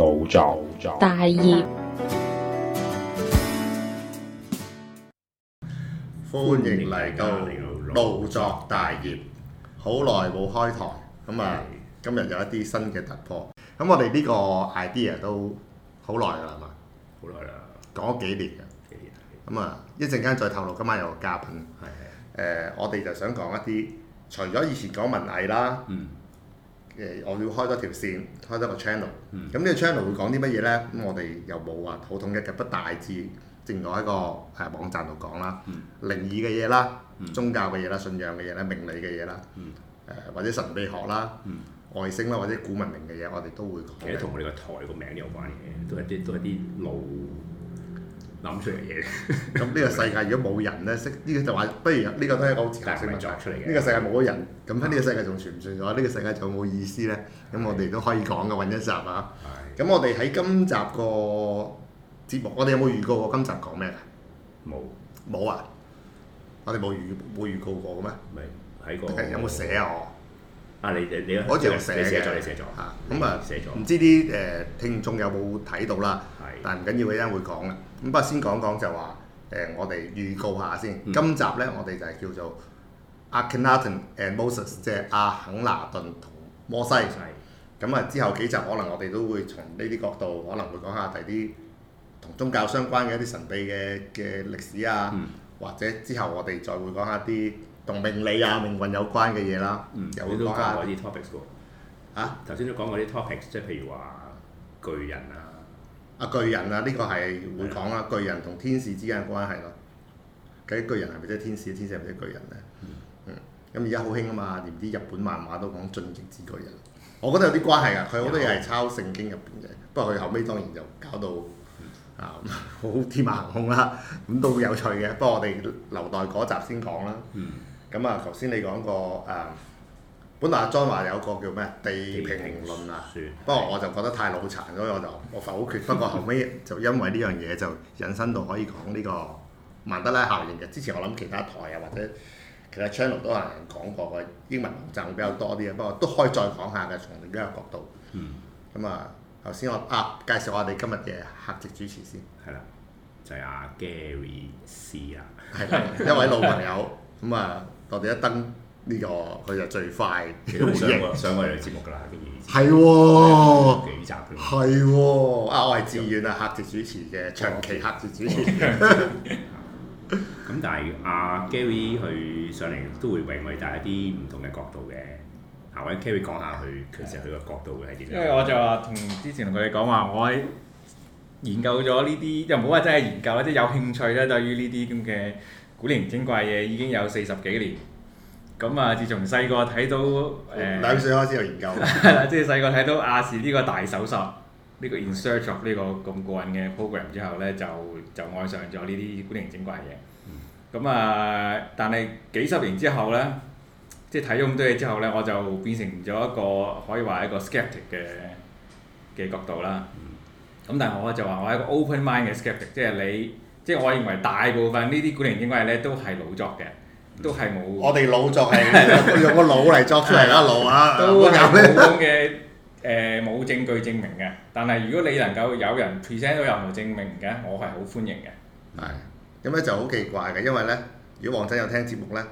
老作大業，歡迎嚟到老作大業。好耐冇開台，咁、嗯、啊，的今日有一啲新嘅突破。咁我哋呢個 idea 都好耐啦嘛，好耐啦，講咗幾年噶。幾年啊？咁啊，一陣間再透露。今晚有個嘉賓，係係。誒的、呃，我哋就想講一啲，除咗以前講文藝啦，嗯。誒，我要開多條線，開多個 channel，嗯。咁呢個 channel 會講啲乜嘢呢？咁、嗯、我哋又冇話好統一嘅，不大致，正如我喺個誒網站度講啦，嗯、靈異嘅嘢啦，嗯、宗教嘅嘢啦，信仰嘅嘢啦，命理嘅嘢啦，嗯、或者神秘學啦，嗯、外星啦，或者古文明嘅嘢，我哋都會講。其實同我哋個台個名有關嘅，都係啲都係啲老。諗出嚟嘢，咁呢個世界如果冇人咧，識呢個就話，不如呢個都係我自覺寫出嚟嘅。呢個世界冇咗人，咁喺呢個世界仲存唔存在？呢個世界仲有冇意思咧。咁我哋都可以講嘅，揾一集啊。咁我哋喺今集個節目，我哋有冇預告過今集講咩啊？冇，冇啊！我哋冇預冇預告過嘅咩？咪喺個有冇寫啊？我啊，你我好似有寫嘅，寫咗嚇，咁啊寫咗。唔知啲誒聽眾有冇睇到啦？但唔緊要，一陣會講嘅。咁不如先講講就話，誒、呃、我哋預告下先。今集咧，我哋就係叫做阿肯拿頓 and 摩西，即係阿肯拿頓同摩西。係、嗯。咁啊，之後幾集可能我哋都會從呢啲角度，可能會講下第啲同宗教相關嘅一啲神秘嘅嘅歷史啊，嗯、或者之後我哋再會講下啲同命理啊、啊命運有關嘅嘢啦。嗯嗯、有又會講下。啲 topics 喎。嚇、啊？頭先都講過啲 topics，即係譬如話巨人啊。巨人啊呢、這個係會講啊。巨人同天使之間嘅關係咯。睇的巨人係咪即係天使，天使係咪即係巨人咧？咁而家好興啊嘛，連啲日本漫畫都講進擊之巨人。我覺得有啲關係啊，佢好多嘢係抄聖經入邊嘅。有不過佢後尾當然就搞到啊、嗯、好天馬行空啦，咁都有趣嘅。不過我哋留待嗰集先講啦。咁啊、嗯，頭先、嗯嗯、你講個誒。嗯本來阿莊話有個叫咩地平論啊，不過我就覺得太腦殘咗，我就我否決。的不過後尾就因為呢樣嘢就引申到可以講呢、這個曼德拉效應嘅。之前我諗其他台啊或者其他 channel 都有人講過嘅，英文濃贈比較多啲啊，不過都可以再講下嘅，從另一個角度。嗯。咁、嗯嗯、啊，頭先我啊介紹下我哋今日嘅客席主持先。係啦，就係、是、阿、啊、Gary C 啊，r 係一位老朋友。咁、嗯、啊，我哋一登。嗯 嗯嗯嗯呢個佢就最快，其實上過上過嚟節目㗎啦，啲嘢係喎，幾集㗎，係喎，啊我係自願啊客席主持嘅長期客席主持。咁但係阿 Gary 佢上嚟都會為我哋帶一啲唔同嘅角度嘅，下位 Gary 講下佢其實佢個角度係點？因為我就話同之前同佢哋講話，我研究咗呢啲又唔好話真係研究啦，即係有興趣啦。對於呢啲咁嘅古靈精怪嘢，已經有四十幾年。咁啊！自從細個睇到誒、哦呃、兩歲開始有研究，即係細個睇到亞視呢個大搜索，呢、這個 in search of 呢個咁過癮嘅 program 之後呢，就就愛上咗呢啲古靈精怪嘢。咁啊、嗯嗯！但係幾十年之後呢，即係睇咗咁多嘢之後呢，我就變成咗一個可以話係一個 skeptic 嘅嘅角度啦。咁、嗯、但係我就話我係一個 open mind 嘅 skeptic，即係你即係、就是、我認為大部分呢啲古靈精怪嘢都係老作嘅。都係冇。 我哋腦作係用個腦嚟作出嚟啦，腦啊！都冇嘅誒，冇證據證明嘅。但係如果你能夠有人 present 到任何證明嘅，我係好歡迎嘅。係。咁咧就好奇怪嘅，因為咧，如果黃仔有聽節目咧，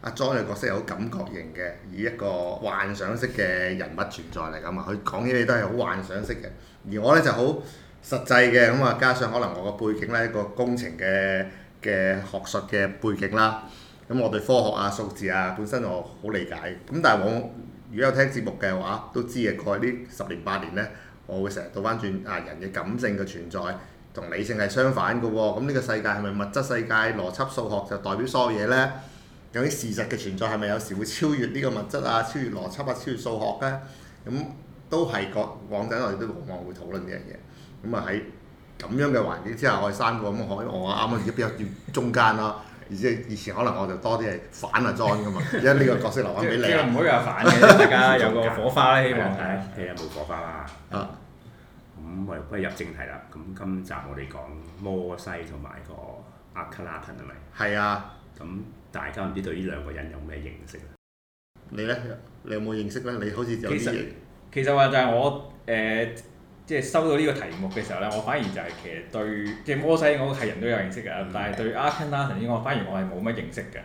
阿莊嘅角色係好感覺型嘅，以一個幻想式嘅人物存在嚟㗎嘛。佢講啲嘢都係好幻想式嘅。而我咧就好實際嘅，咁啊，加上可能我個背景咧一個工程嘅嘅學術嘅背景啦。咁我對科學啊、數字啊，本身我好理解。咁但係我如果有聽節目嘅話，都知嘅。過去呢十年八年呢，我會成日倒翻轉啊，人嘅感性嘅存在同理性係相反嘅喎、哦。咁呢個世界係咪物質世界？邏輯數學就代表所有嘢呢？有啲事實嘅存在係咪有時會超越呢個物質啊、超越邏輯啊、超越數學呢？咁都係講往陣我哋都往往會討論呢樣嘢。咁啊喺咁樣嘅環境之下，我哋三個咁嘅海王啊，啱啱而家比較中間啦、啊。即係以前可能我就多啲係反啊裝噶嘛，而家呢個角色留翻俾你、啊。唔好話反嘅， 大家有個火花咧，希望係。而家冇火花啦。啊。咁，不如入正題啦。咁今集我哋講摩西同埋個阿肯拿頓係咪？係啊。咁大家唔知對呢兩個人有咩認識？你咧？你有冇認識咧？你好似有啲。其實話就係我誒。欸即係收到呢個題目嘅時候咧，我反而就係其實對即係摩西我個係人都有認識嘅，嗯、但係對 Akhenaten 反而我係冇乜認識嘅。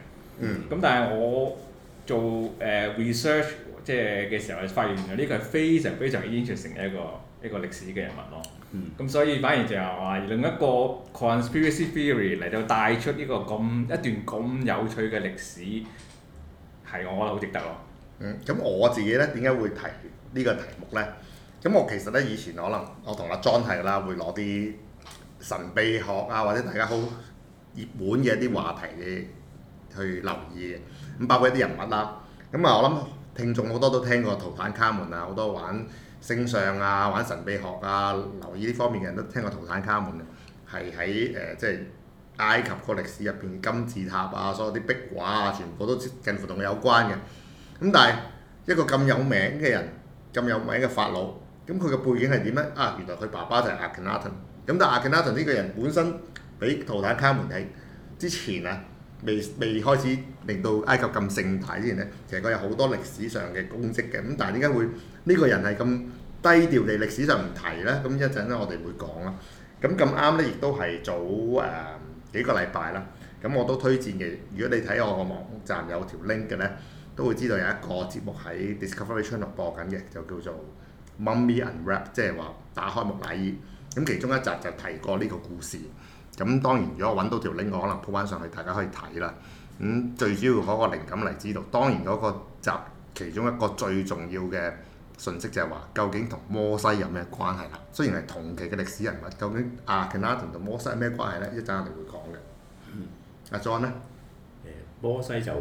咁、嗯、但係我做誒、uh, research 即係嘅時候，就發現原來呢個係非常非常 interesting 嘅一個一個歷史嘅人物咯。咁、嗯、所以反而就係話另一個 conspiracy theory 嚟到帶出呢個咁一段咁有趣嘅歷史，係我，我覺得好值得咯。咁、嗯、我自己咧點解會提呢個題目咧？咁我其實咧以前可能我同阿莊係啦，會攞啲神秘學啊或者大家好熱門嘅一啲話題去去留意嘅，咁包括一啲人物啦、啊。咁啊我諗聽眾好多都聽過《圖坦卡門》啊，好多玩星相啊、玩神秘學啊、留意呢方面嘅人都聽過《圖坦卡門》嘅，係喺誒即係埃及個歷史入邊金字塔啊，所有啲壁畫啊，全部都近乎同佢有關嘅。咁但係一個咁有名嘅人，咁有名嘅法老。咁佢嘅背景係點咧？啊，原來佢爸爸就係阿肯拿頓。咁但係阿肯拿頓呢個人本身俾圖坦卡門喺之前啊，未未開始令到埃及咁盛大之前咧，其實佢有好多歷史上嘅功績嘅。咁但係點解會呢、這個人係咁低調地歷史上唔提咧？咁一陣咧我哋會講啦。咁咁啱咧，亦都係早誒、呃、幾個禮拜啦。咁我都推薦嘅，如果你睇我個網站有條 link 嘅咧，都會知道有一個節目喺 Discovery Channel 播緊嘅，就叫做。Mummy Unwrap 即係話打開木乃伊，咁其中一集就提過呢個故事。咁當然如果揾到條 link，我可能鋪翻上去，大家可以睇啦。咁最主要嗰個靈感嚟知道，當然嗰個集其中一個最重要嘅信息就係、是、話，究竟同摩西有咩關係啦？雖然係同期嘅歷史人物，究竟阿肯拿頓同摩西有咩關係咧？一陣我哋會講嘅。阿、嗯、John 呢，摩西就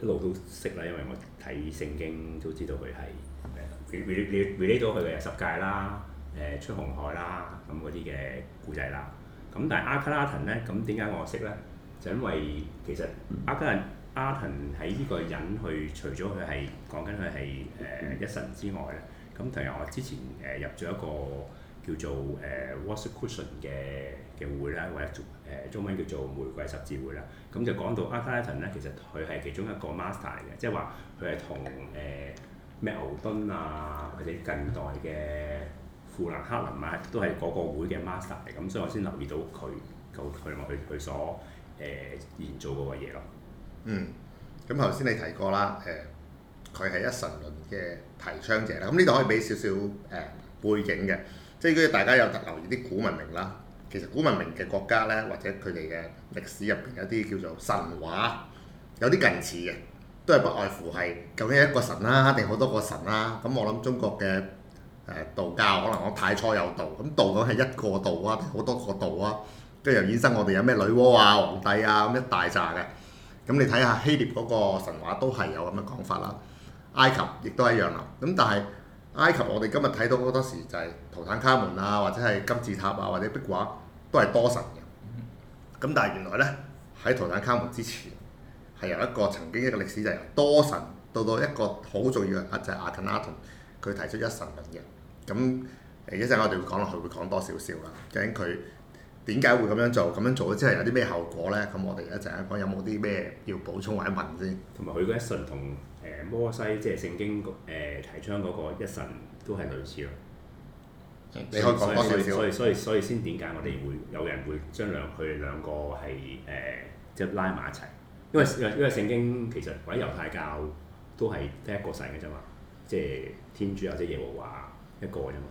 一路都識啦，因為我睇聖經都知道佢係。really，really 到佢嘅十戒啦，誒出紅海啦，咁嗰啲嘅故仔啦，咁但係阿卡拉騰咧，咁點解我識咧？嗯、就因為其實阿卡拉阿騰喺呢個人去，除咗佢係講緊佢係誒一神之外咧，咁、嗯、同埋我之前誒入咗一個叫做誒 Worcester 嘅嘅會咧，或者誒中文叫做玫瑰十字會啦，咁就講到阿卡拉騰咧，其實佢係其中一個 master 嚟嘅，即係話佢係同誒。呃咩牛頓啊，或者近代嘅富蘭克林啊，都係嗰個會嘅 master 嚟，咁所以我先留意到佢，佢佢所誒研、呃、造嗰個嘢咯。嗯，咁頭先你提過啦，誒、呃，佢係一神論嘅提倡者啦，咁呢度可以俾少少誒背景嘅，即係如果大家有特留意啲古文明啦，其實古文明嘅國家咧，或者佢哋嘅歷史入邊有啲叫做神話，有啲近似嘅。都係不外乎係究竟一個神啦、啊，定好多個神啦、啊。咁我諗中國嘅誒、呃、道教，可能我太初有道，咁道講係一個道啊，定好多個道啊。跟住又衍生我哋有咩女媧啊、皇帝啊咁一大扎嘅。咁你睇下希臘嗰個神話都係有咁嘅講法啦。埃及亦都一樣啦。咁但係埃及我哋今日睇到好多時就係圖坦卡門啊，或者係金字塔啊，或者壁畫、啊，都係多神嘅。咁但係原來咧喺圖坦卡門之前。係由一個曾經一個歷史就係、由多神到到一個好重要嘅就係阿肯拿頓，佢提出一神論嘅。咁一陣我哋會講落去會講多少少啦。究竟佢點解會咁樣做？咁樣做咗之後有啲咩後果咧？咁我哋一陣講有冇啲咩要補充或者問先。同埋佢嗰一神同誒摩西即係聖經誒提倡嗰個一神都係類似咯。次你可以講多少少，所以所以所以所以先點解我哋會、嗯、有人會將兩佢兩個係誒、呃、即係拉埋一齊？因為因為聖經其實或者猶太教都係得一個神嘅啫嘛，即係天主或者耶和華一個啫嘛。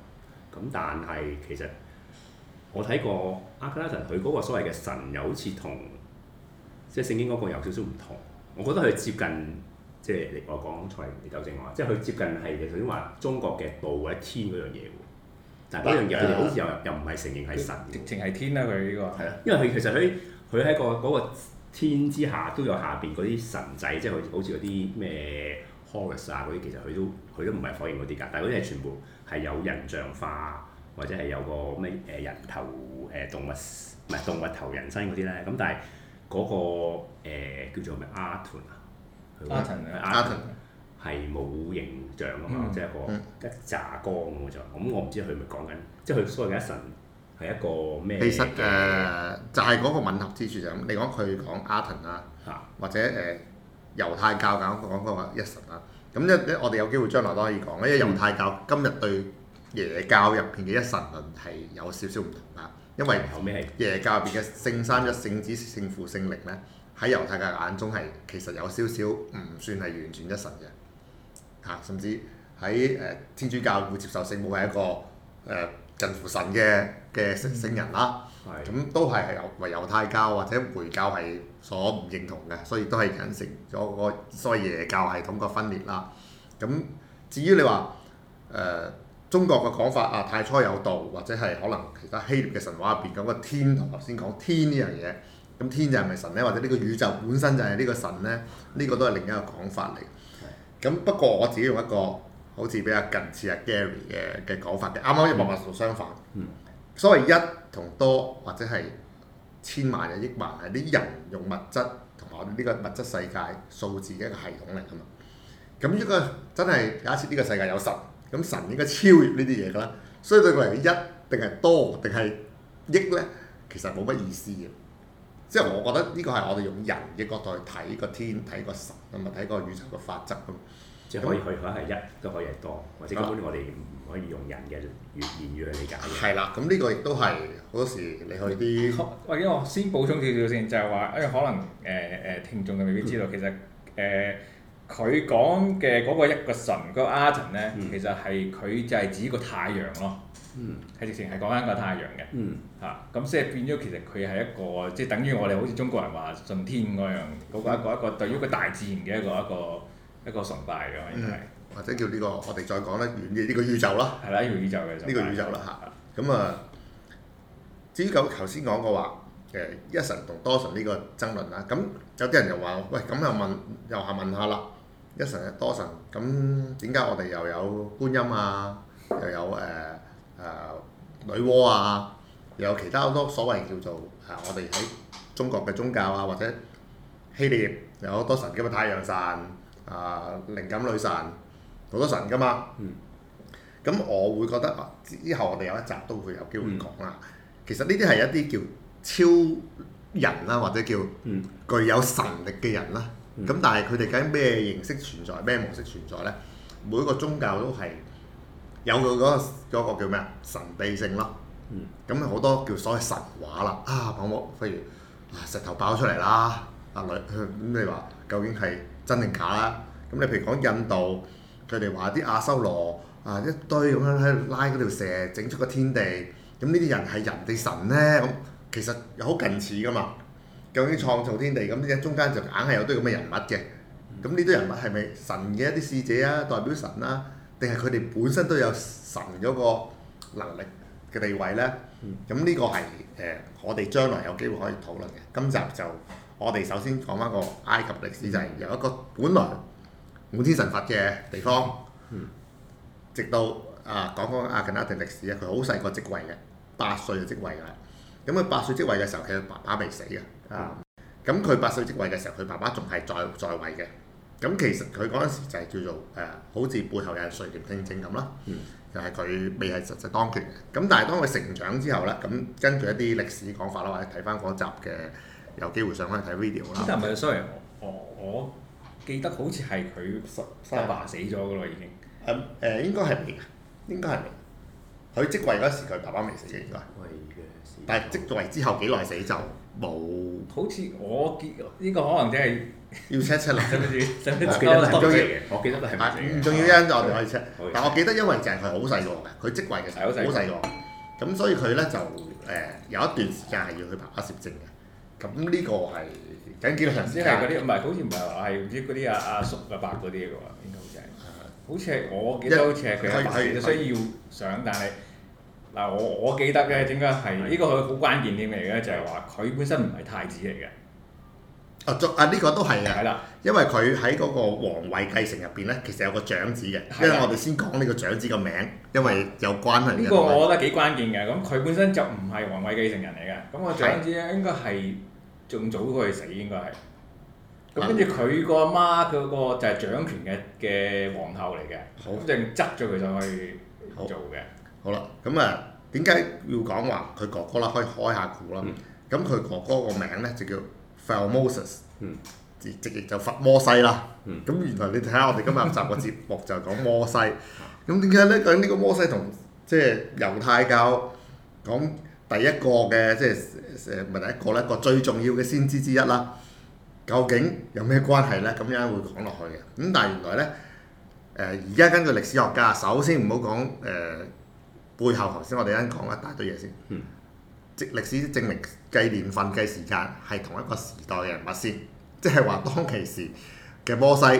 咁但係其實我睇過阿肯拿頓，佢嗰個所謂嘅神又好似同即係聖經嗰個有少少唔同。我覺得佢接近即係嚟我講財富鬥正話，即係佢接近係頭先話中國嘅道或者天嗰樣嘢喎。但係嗰樣嘢佢哋好似又又唔係承認係神，直情係天啦佢呢個係啦，因為佢其實佢佢喺個嗰個。天之下都有下邊嗰啲神仔，即係好似好似嗰啲咩 Horus 啊嗰啲，其實佢都佢都唔係火焰嗰啲㗎，但係嗰啲係全部係有形象化或者係有個咩誒人頭誒動物唔係動物頭人身嗰啲咧，咁但係、那、嗰個誒、呃、叫做咩 a 阿團啊，阿團說啊阿團係冇形象啊嘛，即係、嗯、個一炸光咁就，咁我唔知佢係咪講緊，即係佢所謂嘅一神。係一個咩其實誒、呃、就係、是、嗰個吻合之處就係、是、咁。你講佢講阿騰啊，啊或者誒、呃、猶太教咁講佢話一神啊。咁一咧，我哋有機會將來都可以講，因為猶太教今日對耶教入邊嘅一神論係有少少唔同噶。因為有咩？耶教入邊嘅聖三一、聖子、聖父、聖靈咧，喺猶太教眼中係其實有少少唔算係完全一神嘅嚇、啊，甚至喺誒天主教會接受聖母係一個誒近乎神嘅。嘅成聖人啦，咁都係係由為猶太教或者回教係所唔認同嘅，所以都係引成咗個所謂耶教系統嘅分裂啦。咁至於你話誒中國嘅講法啊，太初有道，或者係可能其他希臘嘅神話入邊嗰個天，同頭先講天呢樣嘢，咁天就係咪神咧？或者呢個宇宙本身就係呢個神咧？呢個都係另一個講法嚟。咁不過我自己用一個好似比較近似阿 Gary 嘅嘅講法嘅，啱啱又白話同相反。所謂一同多，或者係千萬啊、億萬，係啲人用物質同埋我哋呢個物質世界數字嘅一個系統嚟㗎嘛，咁呢個真係假設呢個世界有神，咁神應該超越呢啲嘢㗎啦。所以對佢嚟，一定係多定係億咧，其實冇乜意思嘅。即係我覺得呢個係我哋用人嘅角度去睇個天、睇個神同埋睇個宇宙嘅法則咁。即係可以去，可以係一都可以係多，或者根本我哋唔可以用人嘅語言語去理解。係啦，咁呢個亦都係好多時你去啲，或者我先補充少少先，就係話誒可能誒誒、呃、聽眾嘅未必知道，嗯、其實誒佢講嘅嗰個一個神嗰、那個阿神咧，嗯、其實係佢就係指一個太陽咯，係、嗯、直情係講緊個太陽嘅嚇。咁即係變咗，其實佢係一個即係、就是、等於我哋好似中國人話順天嗰樣嗰個一個一個對於個大自然嘅一個一個。一個崇拜㗎，應該係或者叫呢、這個，我哋再講呢，遠嘅呢、ER、個宇宙咯，係啦，宇宙嘅呢個宇宙啦嚇。咁、嗯、啊好， 至於咁頭先講過話，誒一神同多神呢個爭論啊，咁有啲人又話：喂，咁又問又下問下啦，一神多神，咁點解我哋又有觀音啊，又有誒誒女媧啊，又有其他好多所謂叫做啊，我哋喺中國嘅宗教啊，或者希臘有多神，叫咩太陽神。啊！靈感女神好多神噶嘛，咁、嗯、我會覺得啊，之後我哋有一集都會有機會講啦。嗯、其實呢啲係一啲叫超人啦，或者叫具有神力嘅人啦。咁、嗯、但係佢哋究竟咩形式存在，咩模式存在呢？每一個宗教都係有佢嗰、個嗰個叫咩啊神秘性咯。咁好、嗯、多叫所謂神話啦。啊，彷彿譬如啊，石頭爆出嚟啦，啊女咁、啊啊、你話究竟係？真定假啦？咁你譬如講印度，佢哋話啲阿修羅啊一堆咁樣喺度拉嗰條蛇，整出個天地。咁呢啲人係人定神咧？咁其實又好近似噶嘛。究竟創造天地咁，呢啲中間就硬係有堆咁嘅人物嘅。咁呢堆人物係咪神嘅一啲使者啊？代表神啦，定係佢哋本身都有神嗰個能力嘅地位咧？咁呢個係誒，我哋將來有機會可以討論嘅。今集就。我哋首先講翻個埃及歷史，就係、是、由一個本來滿天神佛嘅地方，嗯、直到啊講講阿肯拿頓歷史咧，佢好細個即位嘅，八歲就即位啦。咁佢八歲即位嘅時候，佢爸爸未死嘅、嗯、啊。咁佢八歲即位嘅時候，佢爸爸仲係在在位嘅。咁其實佢嗰陣時就係叫做誒、啊，好似背後有人垂簾聽政咁咯。嗯、就係佢未係實際當權。咁但係當佢成長之後呢，咁根據一啲歷史講法啦，或者睇翻嗰集嘅。有機會上翻去睇 video 啦。但係 sorry？我我記得好似係佢阿爸死咗嘅咯，已經誒誒應該係未，應該係未。佢即位嗰時，佢爸爸未死嘅應該。位嘅事。但係即位之後幾耐死就冇。好似我見呢個可能即係要 check check 啦，真係真係。唔重要，我記得係唔重要，因我哋可以 check，但係我記得因為就係佢好細個嘅，佢即位嘅時好細個，咁所以佢咧就誒有一段時間係要去爸爸攝政嘅。咁呢個係緊記咯，唔知係嗰啲唔係，好似唔係話係唔知嗰啲阿阿叔阿伯嗰啲嘅喎，應該好似係。好似係我記得好似係佢其實需要上，但係嗱我我記得嘅應該係呢個佢好關鍵點嚟嘅，就係話佢本身唔係太子嚟嘅。啊，啊、這、呢個都係嘅。係啦的，因為佢喺嗰個皇位繼承入邊咧，其實有個長子嘅，因為我哋先講呢個長子嘅名，因為有關係。呢個我覺得幾關鍵嘅，咁佢本身就唔係皇位繼承人嚟嘅，咁、那、我、個、長子咧應該係的。的仲早佢死應該係，咁跟住佢個阿媽佢個就係掌權嘅嘅皇后嚟嘅好，好，正執咗佢上去做嘅。好啦，咁啊，點解要講話佢哥哥啦？可以開下估啦。咁佢、嗯、哥哥個名咧就叫 p h a r Moses，直直接就佛摩西啦。咁、嗯、原來你睇下我哋今日集個節目就係講摩西。咁點解咧？咁呢個摩西同即係猶太教講。第一個嘅即係誒唔係第一個咧，一個最重要嘅先知之一啦。究竟有咩關係咧？咁一陣會講落去嘅。咁但係原來咧誒，而、呃、家根據歷史學家，首先唔好講誒背後頭先，我哋一陣講一大堆嘢先。即、嗯、歷史證明，計年份、計時間係同一個時代嘅人物先，即係話當其時嘅摩西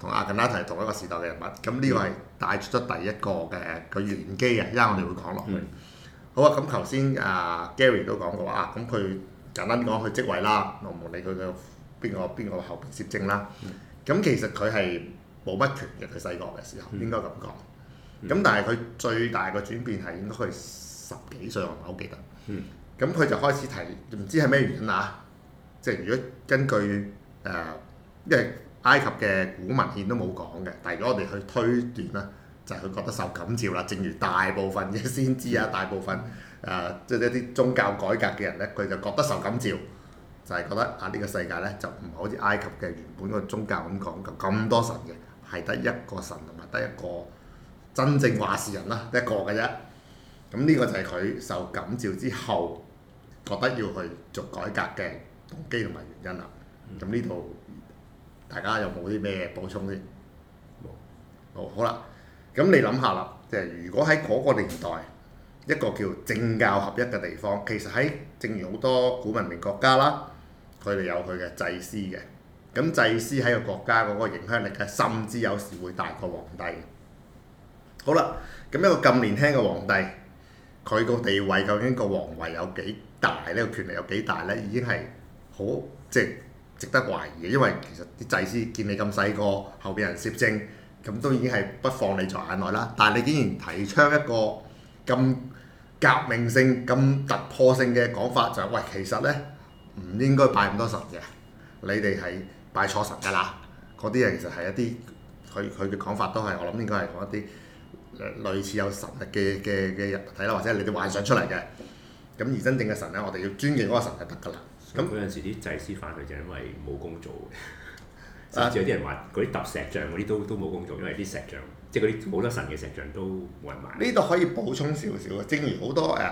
同阿肯拿頓係同一個時代嘅人物。咁呢個係帶出咗第一個嘅個玄機啊！一陣我哋會講落去。嗯好啊，咁頭先啊 Gary 都講過啊，咁佢簡單講佢職位啦，我唔理佢嘅邊個邊個後攝政啦。咁、嗯、其實佢係冇乜權嘅，佢細個嘅時候應該咁講。咁、嗯、但係佢最大嘅轉變係應該佢十幾歲，我唔係好記得。咁佢、嗯、就開始提，唔知係咩原因啊。即係如果根據誒、呃，因為埃及嘅古文獻都冇講嘅，但係如果我哋去推斷咧。就係佢覺得受感召啦，正如大部分嘅先知啊，嗯、大部分誒即係一啲宗教改革嘅人咧，佢就覺得受感召，就係、是、覺得啊呢個世界咧就唔係好似埃及嘅原本個宗教咁講嘅，咁多神嘅，係得一個神同埋得一個真正話事人啦，得一個嘅啫。咁呢個就係佢受感召之後覺得要去做改革嘅動機同埋原因啦。咁呢度大家有冇啲咩補充先、嗯？好啦。好咁你諗下啦，即係如果喺嗰個年代，一個叫政教合一嘅地方，其實喺正如好多古文明國家啦，佢哋有佢嘅祭司嘅。咁祭司喺個國家嗰個影響力咧，甚至有時會大過皇帝。好啦，咁一個咁年輕嘅皇帝，佢個地位究竟個皇位有幾大呢，個權力有幾大呢？已經係好即係值得懷疑嘅，因為其實啲祭司見你咁細個，後邊人攝政。咁都已經係不放你在眼內啦，但係你竟然提倡一個咁革命性、咁突破性嘅講法，就是，就係喂，其實咧唔應該拜咁多神嘅，你哋係拜錯神㗎啦。嗰啲嘢其實係一啲佢佢嘅講法都係，我諗應該係講一啲類似有神嘅嘅嘅人體啦，或者係你哋幻想出嚟嘅。咁而真正嘅神咧，我哋要尊敬嗰個神就得㗎啦。咁嗰陣時啲祭司犯佢，就因為冇工做。有啲人話嗰啲揼石像嗰啲都都冇工作，因為啲石像、嗯、即係嗰啲好多神嘅石像都冇人買。呢度可以補充少少啊，正如好多誒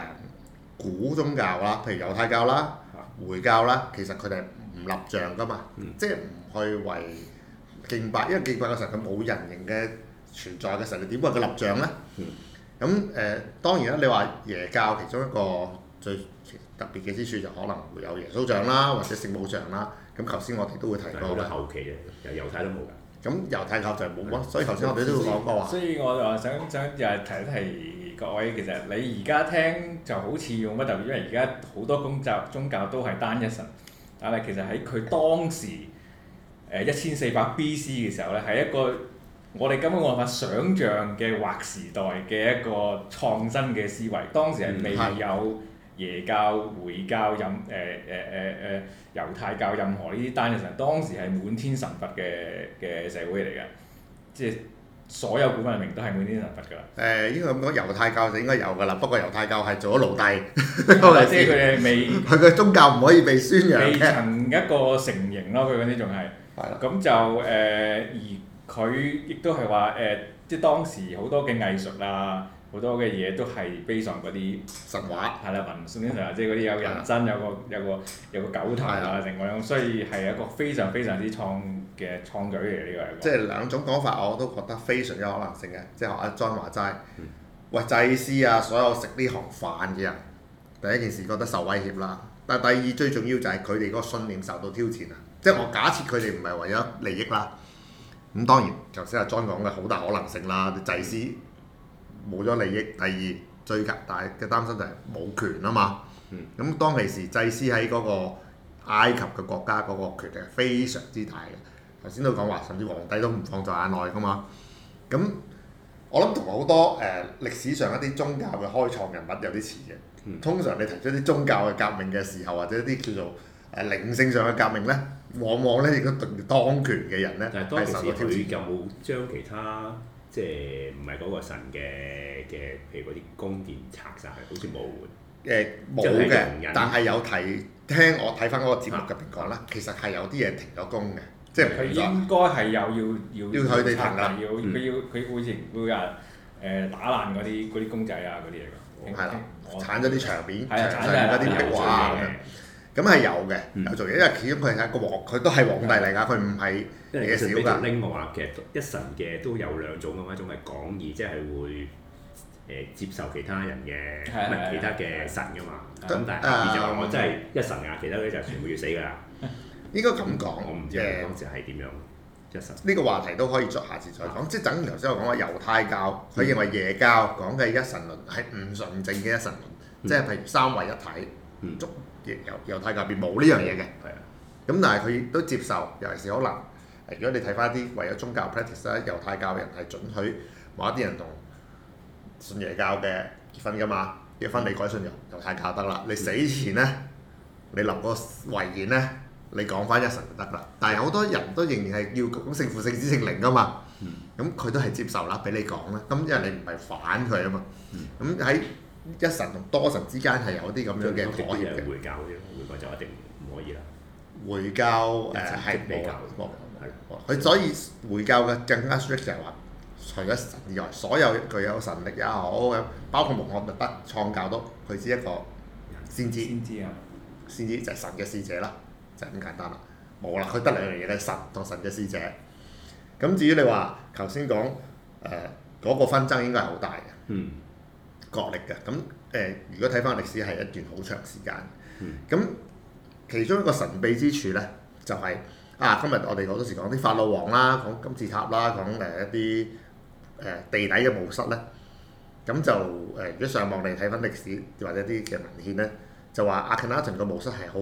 古宗教啦，譬如猶太教啦、回教啦，其實佢哋唔立像噶嘛，嗯、即係唔去為敬拜，因為敬拜嘅神佢冇人形嘅存在嘅神，你點為佢立像咧？咁誒、嗯呃、當然啦，你話耶教其中一個最特別嘅之處就可能會有耶穌像啦，或者聖母像啦。咁頭先我哋都會提到好多後期嘅由猶太都冇㗎。咁猶太教就冇咯，所以頭先我哋都會講過啊。所以我想想就想想又係提一提各位，其實你而家聽就好似用乜特別，因為而家好多工作宗教都係單一神，但係其實喺佢當時誒一千四百 B.C. 嘅時候咧，係一個我哋根本冇辦法想像嘅劃時代嘅一個創新嘅思維，當時係未有、嗯。耶教、回教、任誒誒誒誒猶太教任何呢啲單一神，當時係滿天神佛嘅嘅社會嚟嘅，即係所有古文明都係滿天神佛噶啦。誒、呃、應該咁講，猶太教就應該有噶啦，不過猶太教係做咗奴隸，嗯 啊、即係佢哋未佢嘅宗教唔可以被宣揚。未曾一個成型咯，佢嗰啲仲係。咁就誒，而佢亦都係話誒，即係當時好多嘅藝術啊。好多嘅嘢都係非常嗰啲神話，係啦的，即係嗰啲有人身是的，有個有個有個狗頭啊，成個咁，所以係一個非常非常之創嘅創舉嚟。呢、這個係即係兩種講法，我都覺得非常有可能性嘅。即係學阿莊話齋，喂祭司啊，所有食呢行飯嘅人，第一件事覺得受威脅啦。但係第二最重要就係佢哋個信念受到挑戰啊。即係我假設佢哋唔係為咗利益啦。咁當然頭先阿莊講嘅好大可能性啦，啲祭司。嗯冇咗利益，第二最大嘅擔心就係冇權啊嘛。咁、嗯、當其時祭司喺嗰個埃及嘅國家嗰個權力係非常之大嘅。頭先都講話，甚至皇帝都唔放在眼內噶嘛。咁我諗同好多誒、呃、歷史上一啲宗教嘅開創人物有啲似嘅。嗯、通常你提出一啲宗教嘅革命嘅時候，或者一啲叫做誒靈、呃、性上嘅革命呢，往往呢，亦都當權嘅人呢，係受到挑戰。但當時佢有冇將其他？即係唔係嗰個神嘅嘅，譬如嗰啲宮殿拆晒，好似冇喎。誒冇嘅，但係有提聽我睇翻嗰個節目入邊講啦，其實係有啲嘢停咗工嘅，即係佢應該係有要要要佢哋停啦，要佢要佢會唔會話誒打爛嗰啲啲公仔啊嗰啲嘢㗎？係啦，剷咗啲牆面，剷咗啲壁畫咁樣。咁係有嘅，有做嘢，因為始終佢係一個皇，佢都係皇帝嚟㗎，佢唔係。一神少啩？拎我話，其實一神嘅都有兩種咁樣，一種係廣義，即係會誒接受其他人嘅，唔係其他嘅神噶嘛。咁但係，我真係一神啊，其他嗰啲就全部要死噶啦。應該咁講，我唔知當時係點樣一神。呢個話題都可以作下次再講。即係等頭先我講話猶太教，佢認為耶教講嘅一神論係唔純正嘅一神論，即係譬如三位一體。嗯。中猶太教入邊冇呢樣嘢嘅。係啊。咁但係佢都接受，尤其是可能。誒，如果你睇翻一啲唯有宗教 practice 咧，猶太教人係準許某一啲人同信耶教嘅結婚㗎嘛，結婚你改信仰猶太教得啦。你死前咧，你臨個遺言咧，你講翻一神就得啦。但係好多人都仍然係要咁，聖父、聖子、聖靈啊嘛。咁佢都係接受啦，俾你講啦。咁因為你唔係反佢啊嘛。咁喺一神同多神之間係有啲咁樣嘅妥協嘅。回教嗰啲，回教就一定唔可以啦。回教誒係比較。佢所以回教嘅更加 strict 就係話，除咗神以外，所有具有神力也好，包括穆罕默德創教都，佢只一個先知，先知啊，先知就係神嘅使者啦，就係咁簡單啦，冇啦，佢得兩樣嘢咧，神當神嘅使者。咁至於你話頭先講誒嗰個紛爭應該係好大嘅，嗯，角力嘅。咁誒、呃，如果睇返歷史係一段好長時間，咁其中一個神秘之處咧就係、是。啊！今日我哋好多時講啲法老王啦，講金字塔啦，講誒一啲誒地底嘅墓室咧，咁就誒如果上網嚟睇翻歷史或者啲嘅文獻咧，就話阿肯拿頓個墓室係好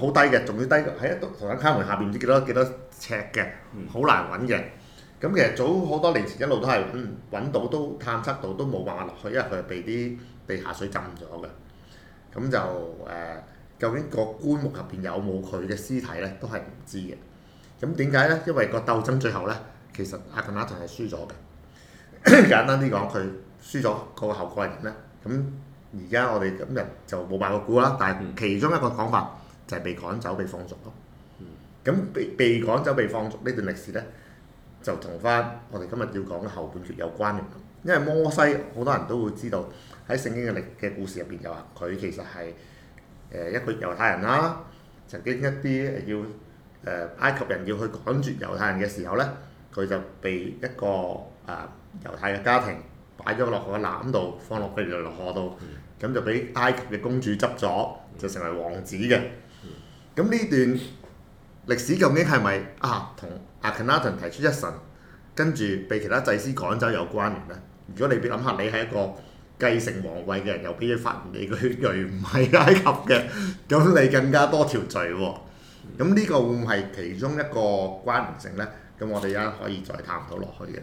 好低嘅，仲要低喺一棟皇室卡門下邊唔知幾多幾多尺嘅，好難揾嘅。咁其實早好多年前一路都係嗯揾到都探測到都冇辦法落去，因為佢係被啲地下水浸咗嘅。咁就誒究竟個棺木入邊有冇佢嘅屍體咧，都係唔知嘅。咁點解呢？因為個鬥爭最後呢，其實阿肯拿頓係輸咗嘅。 簡單啲講，佢輸咗嗰、那個後繼人呢。咁而家我哋今日就冇辦法估啦。但係其中一個講法就係被趕走、被放逐咯。咁、嗯、被被趕走、被放逐呢段歷史呢，就同翻我哋今日要講嘅後半段有關聯。因為摩西好多人都會知道喺聖經嘅歷嘅故事入邊，就話佢其實係、呃、一個猶太人啦，曾經一啲要。埃及人要去趕絕猶太人嘅時候呢，佢就被一個啊、呃、猶太嘅家庭擺咗落個籃度，放落譬如落河度，咁、嗯、就俾埃及嘅公主執咗，就成為王子嘅。咁呢、嗯嗯、段歷史究竟係咪啊同阿肯拿頓提出一神，跟住被其他祭司趕走有關聯呢？如果你俾諗下，你係一個繼承皇位嘅人，又俾人發現你個血緣唔係埃及嘅，咁你更加多條罪喎、啊。咁呢個會唔會係其中一個關聯性呢？咁我哋而家可以再探討落去嘅。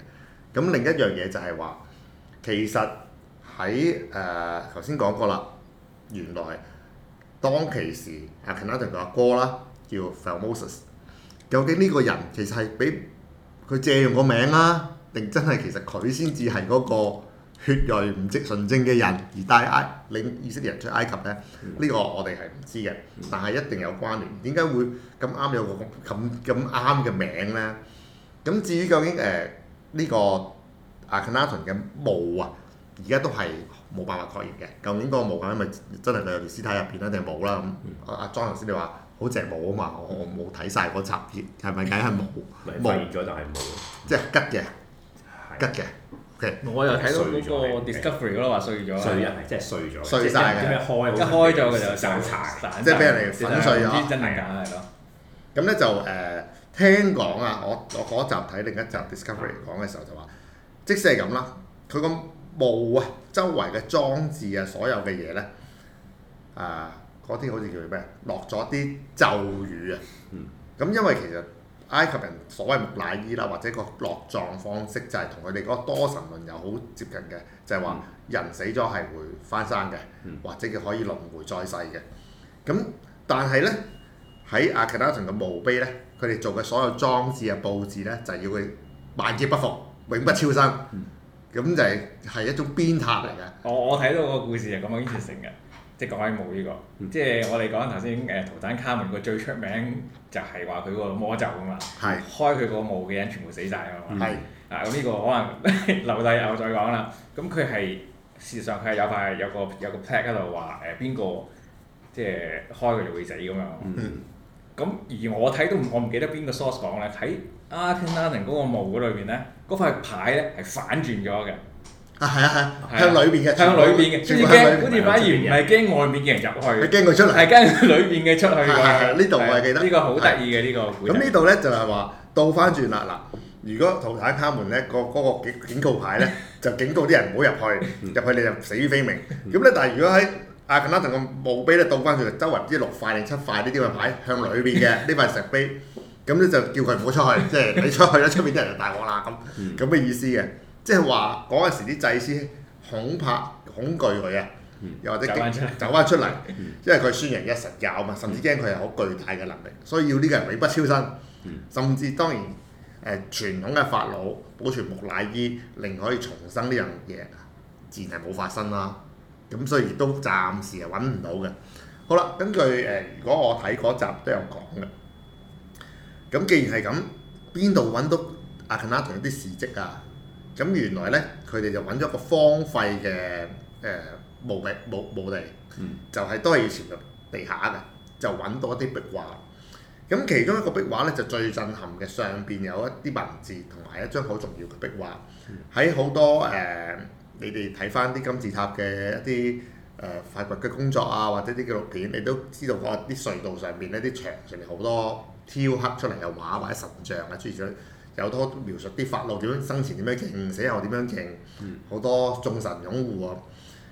咁另一樣嘢就係話，其實喺誒頭先講過啦，原來當其時阿肯拿頓同佢阿哥啦叫 Famosis 究竟呢個人其實係俾佢借用個名啦、啊，定真係其實佢先至係嗰個？血裔唔即純正嘅人而帶埃，領以色列人出埃及咧，呢、呢個我哋係唔知嘅，但係一定有關聯。點解會咁啱有個咁咁啱嘅名咧？咁至於究竟誒呢、呃呢個阿克納頓嘅墓啊，而家、啊、都係冇辦法確認嘅。究竟嗰個墓係咪真係佢條屍體入邊一定係冇啦？咁阿阿莊頭先你話好隻墓啊嘛，我我冇睇晒嗰集片，係咪梗係冇？發現咗就係冇，即係吉嘅吉嘅。 我又睇到嗰個 Discovery 嗰度話碎咗，碎啊！即係碎咗，碎晒嘅。即開咗佢就就拆即係俾人哋粉碎咗。真係㗎，係咯。咁咧就誒聽講啊，我我嗰集睇另一集 Discovery 講嘅時候就話，即使係咁啦，佢個墓啊，周圍嘅裝置啊，所有嘅嘢咧，啊嗰啲好似叫咩落咗啲咒語啊，咁因為其實。埃及人所謂木乃伊啦，或者個落葬方式就係同佢哋嗰個多神論又好接近嘅，就係、是、話人死咗係會翻生嘅，或者佢可以輪迴再世嘅。咁但係咧喺阿肯拿頓嘅墓碑咧，佢哋做嘅所有裝置啊、佈置咧，就係、是、要佢萬劫不復，永不超生，咁就係、是、係一種鞭撻嚟嘅。我我睇到個故事就咁嘅編劇嘅。即係講開墓呢個，即係我哋講頭先誒圖坦卡門個最出名就係話佢個魔咒啊嘛。是開佢個墓嘅人全部死晒，是是啊嘛。啊咁呢個可能留待又再講啦。咁佢係事實上佢係有塊有個有個牌喺度話誒邊個即係開佢就會死咁樣。咁是而我睇都我唔記得邊個 source 講咧，睇阿肯拿頓 Akhenaten 嗰個墓嗰裏面，咧，嗰塊牌咧係反轉咗嘅。啊，係啊，係向裏面嘅，向裏面嘅，所以驚好似反而唔係驚外面嘅人入去，係驚佢出嚟，係驚裏面嘅出去。呢度我係記得呢個好得意嘅呢個。咁呢度咧就係話倒翻轉啦嗱，如果圖坦卡門咧，嗰嗰個警警告牌咧，就警告啲人唔好入去，入去你就死於非命。咁咧，但係如果喺阿肯拿頓個墓碑咧倒翻轉，周圍唔知六塊定七塊呢啲嘅牌向裏邊嘅呢塊石碑，咁咧就叫佢唔好出去，即係你出去咧，出面啲人就大鑊啦咁咁嘅意思嘅。即係話嗰陣時啲祭司恐怕恐懼佢啊，又或者走翻出嚟， 因為佢宣揚一神教啊嘛，甚至驚佢係好巨大嘅能力，所以要呢個人永不超生，甚至當然誒傳統嘅法老保存木乃伊，令可以重生呢樣嘢，自然係冇發生啦。咁所以都暫時係揾唔到嘅。好啦，根據誒、呃，如果我睇嗰集都有講嘅，咁既然係咁，邊度揾到阿肯拿頓啲事蹟啊？咁原來咧，佢哋就揾咗個荒廢嘅誒墓地墓地，嗯、就係都係要潛入地下嘅，就揾到一啲壁畫。咁其中一個壁畫咧就最震撼嘅，上邊有一啲文字同埋一張好重要嘅壁畫。喺好、嗯、多誒、呃，你哋睇翻啲金字塔嘅一啲誒發掘嘅工作啊，或者啲紀錄片，你都知道嗰啲隧道上面咧啲牆上面好多雕刻出嚟嘅畫或者神像啊之類。啊啊有多描述啲法老點樣生前點樣勁，又死後點樣勁，好多眾神擁護啊。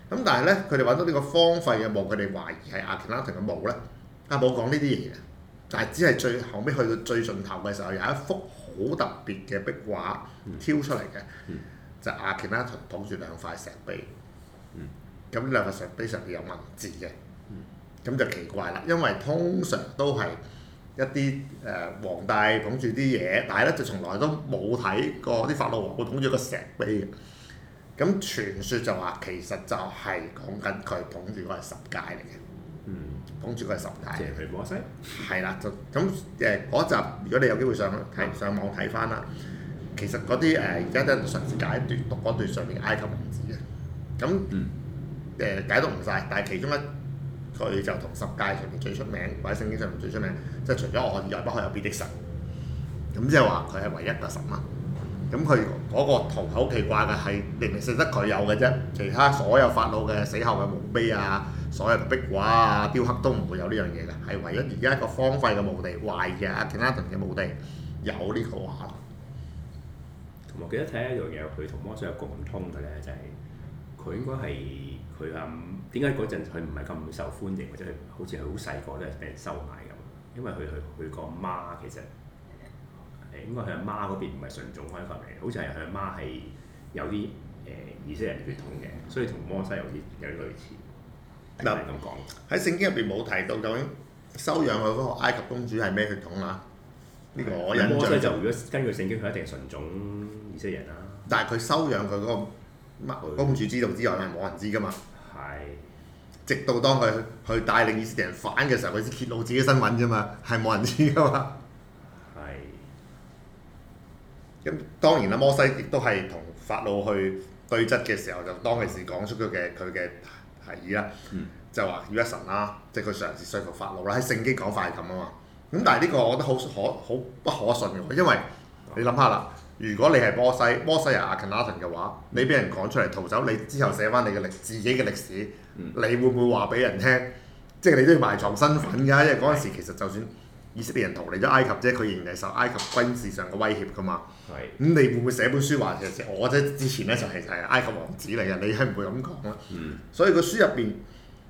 咁、嗯、但係咧，佢哋揾到呢個荒廢嘅墓，佢哋懷疑係阿肯拿頓嘅墓咧。啊，冇講呢啲嘢，但係只係最後尾去到最盡頭嘅時候，有一幅好特別嘅壁畫挑出嚟嘅，嗯、就阿肯拿頓捧住兩塊石碑。咁、嗯、呢兩塊石碑上面有文字嘅，咁、嗯、就奇怪啦，因為通常都係。一啲誒皇帝捧住啲嘢，但係咧就從來都冇睇過啲法老王會捧住個石碑嘅。咁傳說就話其實就係講緊佢捧住個係十戒嚟嘅。嗯，捧住個係十戒。謝係啦，就咁誒嗰集，如果你有機會上睇上網睇翻啦，其實嗰啲誒而家都有人嘗試解讀讀嗰段上面埃及文字嘅。咁誒、嗯嗯、解讀唔晒，但係其中一佢就同十誡上面最出名，或者聖經上面最出名，即係除咗我以外，不可有別的神。咁即係話佢係唯一嘅神嘛。咁佢嗰個圖好奇怪嘅係，明明識得佢有嘅啫，其他所有法老嘅死後嘅墓碑啊，所有嘅壁畫啊、雕刻都唔會有呢樣嘢嘅，係唯一而家一個荒廢嘅墓地，懷疑嘅阿肯拿頓嘅墓地有呢個畫。同埋記得睇一樣嘢，佢同摩西有冇共通嘅咧？就係佢應該係佢諗。點解嗰陣佢唔係咁受歡迎，或者佢好似係好細個都係俾人收買咁？因為佢佢佢個媽其實應該佢阿媽嗰邊唔係純種開發嚟，好似係佢阿媽係有啲誒、呃、以色人血統嘅，所以同摩西有啲有啲類似。嗱咁講喺聖經入邊冇提到究竟收養佢嗰個埃及公主係咩血統啊？我、呢個我印象就摩西就如果根據聖經，佢一定係純種以色人啦、啊。但係佢收養佢嗰個公主知道之外，係冇人知噶嘛？係。直到當佢去帶領以色列人反嘅時候，佢先揭露自己身份啫嘛，係冇人知噶嘛。係。咁當然啦，摩西亦都係同法老去對質嘅時候，就當其時講出佢嘅佢嘅提議啦，嗯、就話要一神啦，即係佢嘗試說服法老啦，喺聖經講法咁啊嘛。咁但係呢個我覺得好可好不可信嘅，因為、嗯、你諗下啦，如果你係摩西摩西係阿肯納頓嘅話，你俾人趕出嚟逃走，你之後寫翻你嘅歷自己嘅歷史。嗯嗯、你會唔會話俾人聽？即係你都要埋藏身份㗎，因為嗰陣時其實就算以色列人逃離咗埃及啫，佢仍然係受埃及軍事上嘅威脅㗎嘛。咁是、嗯、你會唔會寫本書話其實我咧之前咧就係係埃及王子嚟嘅？你係唔會咁講啦。嗯、所以個書入邊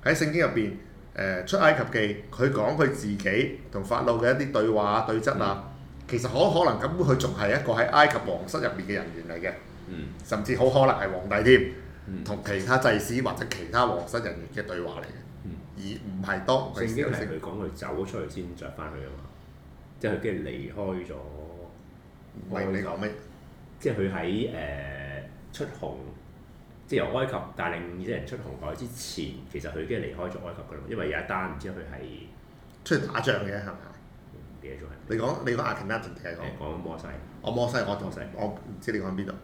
喺聖經入邊誒出埃及記，佢講佢自己同法老嘅一啲對話對質啊，嗯、其實好可能咁佢仲係一個喺埃及皇室入面嘅人員嚟嘅，嗯、甚至好可能係皇帝添。同其他祭司或者其他王室人員嘅對話嚟嘅，嗯、而唔係當聖經嚟佢講佢走咗出去先着翻去啊嘛，即係佢跟住離開咗埃及，唔係，你講咩？即係佢喺誒出紅，即係由埃及帶領啲人出紅海之前，其實佢跟住離開咗埃及㗎啦，因為有一單唔知佢係出去打仗嘅係咪？唔、嗯、記得咗係咪？你講、欸、你講阿肯拿頓其實講講摩西，我摩西我仲我唔知你講邊度。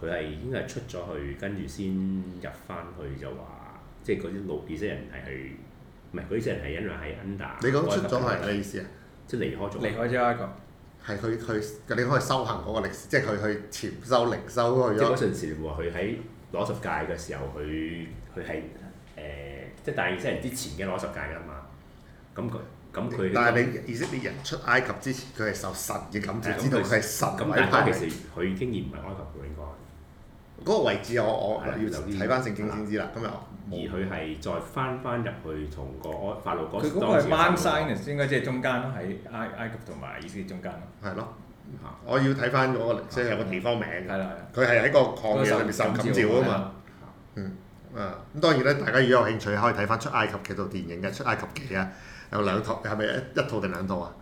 佢係應該係出咗去，跟住先入翻去就話，即係嗰啲六傑，即係人係，唔係嗰啲人係因為係 under 你。你講出咗去係咩意思啊？即係離開咗。離開咗一個。係佢。去，你可以修行嗰個歷史，即係佢去潛修靈修咗。嗰陣時佢喺攞十戒嘅時候，佢佢係誒，即係大傑人之前嘅攞十戒㗎嘛？咁佢。咁佢，但係以色列人出埃及之前，佢係受神嘅感召，知道佢係神喺埃及。咁但其實佢已經而唔係埃及嘅應該。嗰個位置我我要留意，睇翻聖經先知啦。咁啊，而佢係再翻翻入去同個法魯嗰時。佢嗰係 Mount Sinai 應該即係中間喺埃及同埋以色列中間。係咯，我要睇翻嗰個即係有個地方名。係啦，佢係喺個曠野入面受感召啊嘛。嗯咁當然咧，大家如果有興趣，可以睇翻《出埃及記》套電影嘅《出埃及記》啊。有兩套，係咪一一套定兩套啊？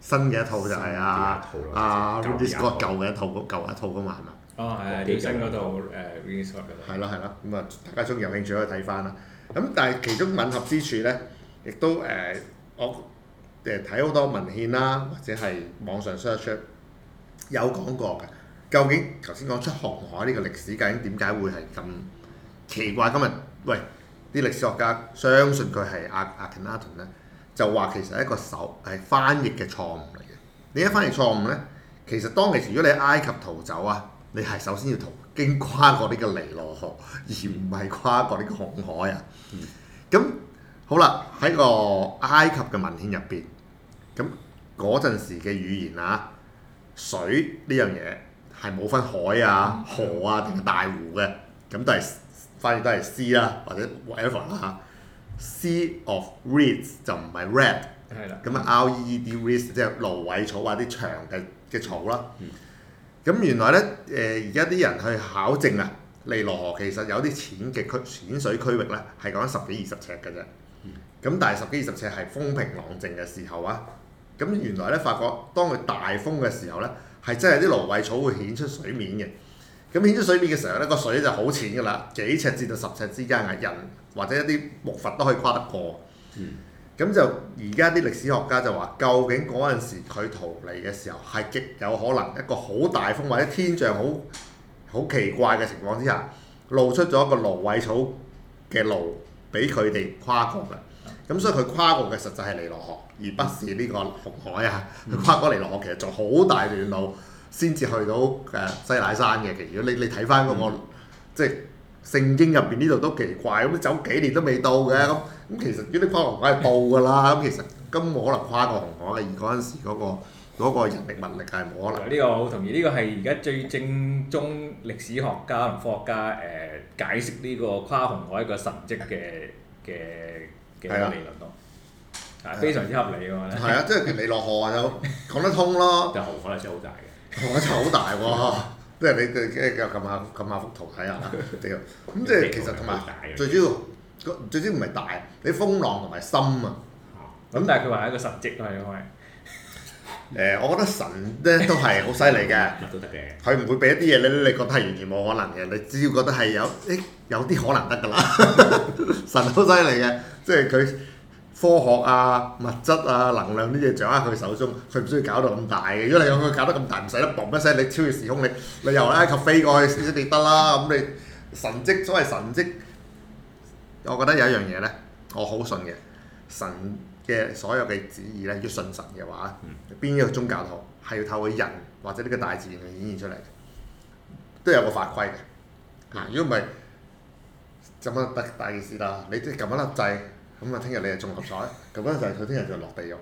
新嘅一套就係啊，啊，Rings 嗰個舊嘅一套，嗰舊一套噶嘛，係嘛？哦，係係，幾舊嗰套誒，Rings 嗰個。係啦係啦，咁啊，大家如果有興趣，可以睇翻啦。咁但係其中吻合之處咧，亦都誒，我誒睇好多文獻啦，或者係網上 search 有講過嘅。究竟頭先講出航海呢個歷史，究竟點解會係咁奇怪？今日喂啲歷史學家相信佢係阿阿 Akhenaten 咧。就話其實一個手係翻譯嘅錯誤嚟嘅。點解翻譯錯誤咧？其實當其時如果你喺埃及逃走啊，你係首先要途經跨過呢個尼羅河，而唔係跨過呢個紅海啊。咁好啦，喺個埃及嘅文獻入邊，咁嗰陣時嘅語言啊，水呢樣嘢係冇分海啊、河啊定係大湖嘅，咁都係翻譯都係 C 啦、啊、或者 whatever 啦、啊、嚇。Sea of reeds 就唔係 red，咁啊的 LED reeds 即係蘆葦草啊啲、就是、長嘅嘅草啦。咁、嗯、原來咧誒，而家啲人去考證啊，尼羅河其實有啲淺嘅區、淺水區域咧，係講十幾二十尺㗎啫。咁、嗯、但係十幾二十尺係風平浪靜嘅時候啊，咁原來咧發覺當佢大風嘅時候咧，係真係啲蘆葦草會顯出水面嘅。咁顯出水面嘅時候咧，個水就好淺㗎啦，幾尺至到十尺之間啊，人或者一啲木筏都可以跨得過。咁就而家啲歷史學家就話，究竟嗰陣時佢逃離嘅時候係極有可能一個好大風或者天象好好奇怪嘅情況之下，露出咗一個蘆葦草嘅路俾佢哋跨過嘅。咁所以佢跨過嘅實際係尼羅河，而不是呢個紅海啊。佢跨過尼羅河其實仲好大段路。先至去到誒西乃山嘅，其實如果你你睇翻嗰個、嗯、即係聖經入邊呢度都奇怪，咁你走幾年都未到嘅，咁咁、嗯、其實要跨紅海係到㗎啦，咁 其實根本冇可能跨過紅海嘅，而嗰陣時嗰個嗰個人力物力係冇可能。呢個好同意，呢、呢個係而家最正宗歷史學家同科學家誒、呃、解釋呢個跨紅海一個神蹟嘅嘅嘅理論咯，的的非常之合理㗎嘛，係啊，即係尼羅河就講得通咯， 就紅海係真係好大嘅。哇！真差好大喎，不如你再即係撳下撳下幅圖睇下啦。咁即係其實同埋大，最主要，最主要唔係大，你風浪同埋心啊。咁、嗯、那但係佢話係一個神跡咯，因咪、嗯？誒、呃，我覺得神咧 都係好犀利嘅，都得嘅。佢唔會俾一啲嘢你，你覺得係完全冇可能嘅。你只要覺得係有，誒、欸、有啲可能得㗎啦。 神好犀利嘅，即係佢，科學啊、物質啊、能量啲嘢掌握喺佢手中，佢唔需要搞到咁大嘅。如果你講佢搞得咁大，唔使得，嘣一聲你超越時空，你旅遊啦及飛過去，依啲得啦。咁、嗯、你神蹟所謂神蹟，我覺得有一樣嘢咧，我好信嘅神嘅所有嘅旨意咧，要信神嘅話，邊 一個宗教都好係要透過人或者呢個大自然嚟顯現出嚟，都有個法規嘅。嗱、啊，如果唔係，就乜得大件事啦？你即係㩒一粒掣，咁啊，聽日你又中六合彩，咁樣就係佢聽日就落地獄。